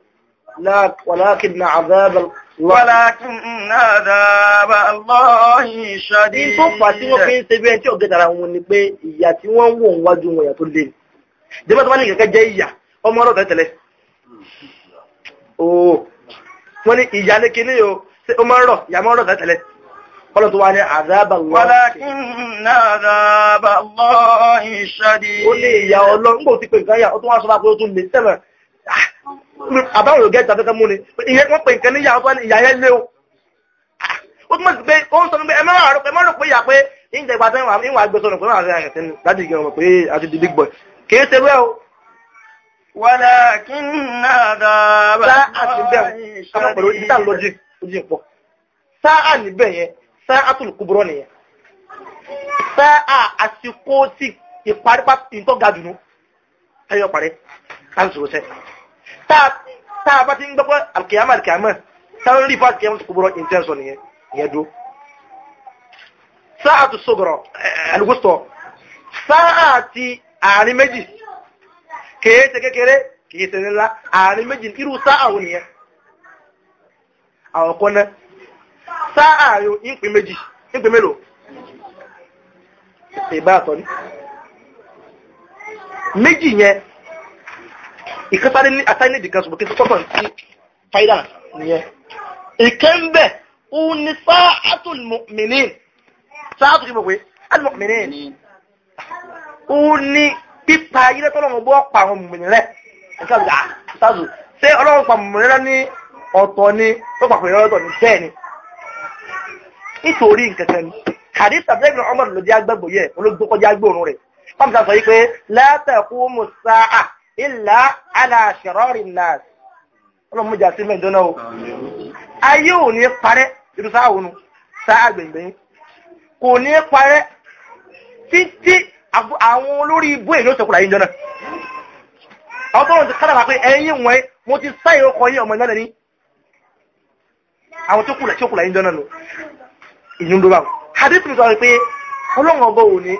لا ولكن عذاب ولكن عذاب الله شديد tó fà tí wọ́n fi ń ṣe bí ẹni tí ọ̀gẹ́ta ara wọn ni pé ìyà tí wọ́n ń wò ń wájú wọn ìyà tó lé ní jẹ́ bọ́tọ́ bá ní kẹ́kẹ́ jẹ́ ìyà ọmọ ọlọ́dọ̀ tẹ́lẹ̀ ooo wọ́n ní ìyà ní kinní o ṣé ó máa ń rọ̀ ìyà máa ń rọ̀ tẹ́lẹ̀ ọlọ́run tó wá ní àzábà lọ́wọ́ walakin àzábà lọ́wọ́ ìṣàdì ó lè ìyà ọlọ́run gbò ti pè nǹkan yà ó tún wá sọ fún ọdún lè sẹ́mẹ̀ ah, àbáwọn ògẹ́ ìtàfẹ́kẹ́ mú ni ìyẹn kan pè nǹkan ní ìyà ọtún ìyà yẹn lé o ah, ó túnmọ̀ sí pé ó ń sọ pé ẹ má rò pé ìyà pé ìjẹ ìgbà tẹ́wọ̀n àwọn ìwà agbésọ̀rọ̀ pé láàrin àyẹ̀tẹ́ ni láti ìgbà ọmọ pé àti di big boy kìí ṣe rẹ́ o walakin àzábà lọ́wọ́ ìṣàdì sáàtù kúburọ́ nìyẹn sáà àsìkò tí ìparípa ìtọ́ ga dùnú ayọ̀ parí káàkiri sẹ́ tá a bá ti ń gbọ́gbọ́ alkiyama alkiyama táwọn rí fásitì kẹwọn kúburọ́ ìtẹ́sọ nìyẹn ìyẹn dúró sáà tó sọ̀gọ̀rọ̀ ẹ̀lùgúsọ̀ sáà ti àárín méjì kèé ṣe kékeré kèé ṣe nílá àárín méjì irú sáà wo nìyẹn àwọn kan náà sáà yóò ìpín méjì ìpín mélòó ìbá àtọ́ ní méjì yẹn ìkẹtàlélẹ́dì kan ṣùgbọ́n kí sọ́kàn sí fáìdà nìyẹn ìkẹ́ ń bẹ̀ òun ni sáàtùl mu'minin sáàtùl kí mo pé al-mu'minin òun ni pípa ilé tọ́lọ́run bọ́ pa àwọn mùmìnì rẹ̀ nǹkan àbúrò ṣé ọlọ́run pa mùmìnì rẹ̀ ní ọ̀tọ̀ ni tó pàpẹ́ ìrọ̀lọ́tọ̀ ní bẹ́ẹ̀ ni nítorí nǹkan kan hadith abdulayi bin umar ló jẹ́ agbẹ́gbò yẹ olóògbé kọjá agbóòrùn rẹ̀ pàmìtà sọ yìí pé la taqumu sa'a illa ala shirari nas ọlọ́mú jà sí mẹ́jọ́nà o ayé ò ní parẹ́ irú sáà wọnú sáà gbẹ̀ngbẹ̀yìn kò ní parẹ́ títí àwọn olórí ibú èyí ó sọkùnrin àyíjọ náà ọgbọ́n ti kádàbà pé ẹ̀yìn wọ́n mo ti sáyẹ̀ ọkọ̀ yí ọmọ ìlànà ní àwọn tó kù lẹ́kọ̀ọ́ ìyún ló bá wọn. hadith mi sọ pé ọlọ́run ọba òní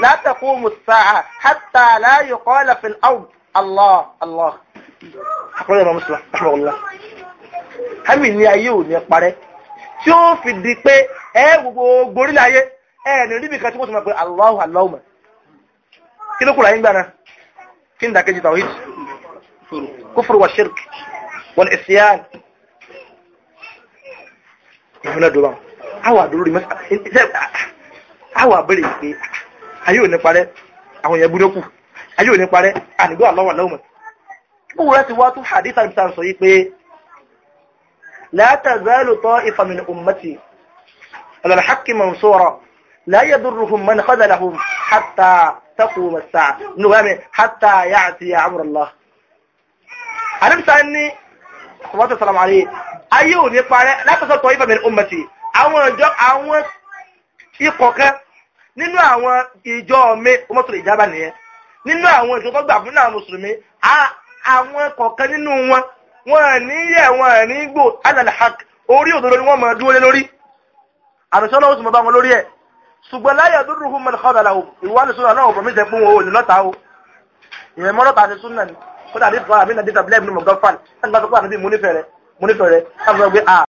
látàkó musaa hátà láàyò kọ́lá fil áwù allah allah. akọ́lẹ̀ ìmọ̀ mùsùlùmá aṣọ ọ̀la. hami ni ayé òní ẹ parẹ́ tí ó fi di pé ẹ gbogbo gborílẹ̀ ayé ẹ ní rí nìkan tí wọ́n ti máa pe allahu allahu mọ̀. kí ló kúrò ayé náà kí ni dàkejì tawhid kufuru wa shirk wal isyan. ìfúnná dùn báwọn. àwa àdúró rí mọ́sá àwa àbẹ̀rẹ̀ pé ayé ò ní parẹ́ àwọn èèyàn búrẹ́ kù ayé ò ní parẹ́ ànígbó àlọ́wà lọ́wọ́ ó wúrẹ́ ti wá tún hadith àbísà sọ yìí pé la tazalu ta'ifa min ummati ala al-haqqi mansura la yadurruhum man khadhalahum hatta taqum as-sa'a nínú wàmí hatta ya'ti amru Allah. àdìsá ní wọ́n ti sọ̀rọ̀ àlẹ́ ayé ò ní parẹ́ la tazalu ta'ifa min ummati àwọn ìjọ àwọn ikọ̀ kan nínú àwọn ìjọ mi mọ́tò ìjábà nìyẹn nínú àwọn ìjọ tó gbà fún náà mùsùlùmí àwọn kọ̀ọ̀kan nínú wọn wọn ní yẹ wọn ní gbò alàlhàk orí òdodo ni wọn mọ̀ dúró lé lórí àrùsọ́ náà ó sì mọ̀ bá wọn lórí ẹ̀ ṣùgbọ́n láyé ọdún rúhùn mọ̀ lọ́dà làwọn ìwádìí sọ́nà náà ọ̀bọ̀n mi jẹ́ fún wọn ò ní lọ́ta o ìyẹn mọ́ lọ́ta ti súnà ni kódà bí fún àmì nàdí tàbílẹ̀ ìbínú mọ̀gọ́fà nígbà tó kó àmì bí mo nífẹ̀ẹ́ rẹ̀ mo nífẹ̀ẹ́ rẹ̀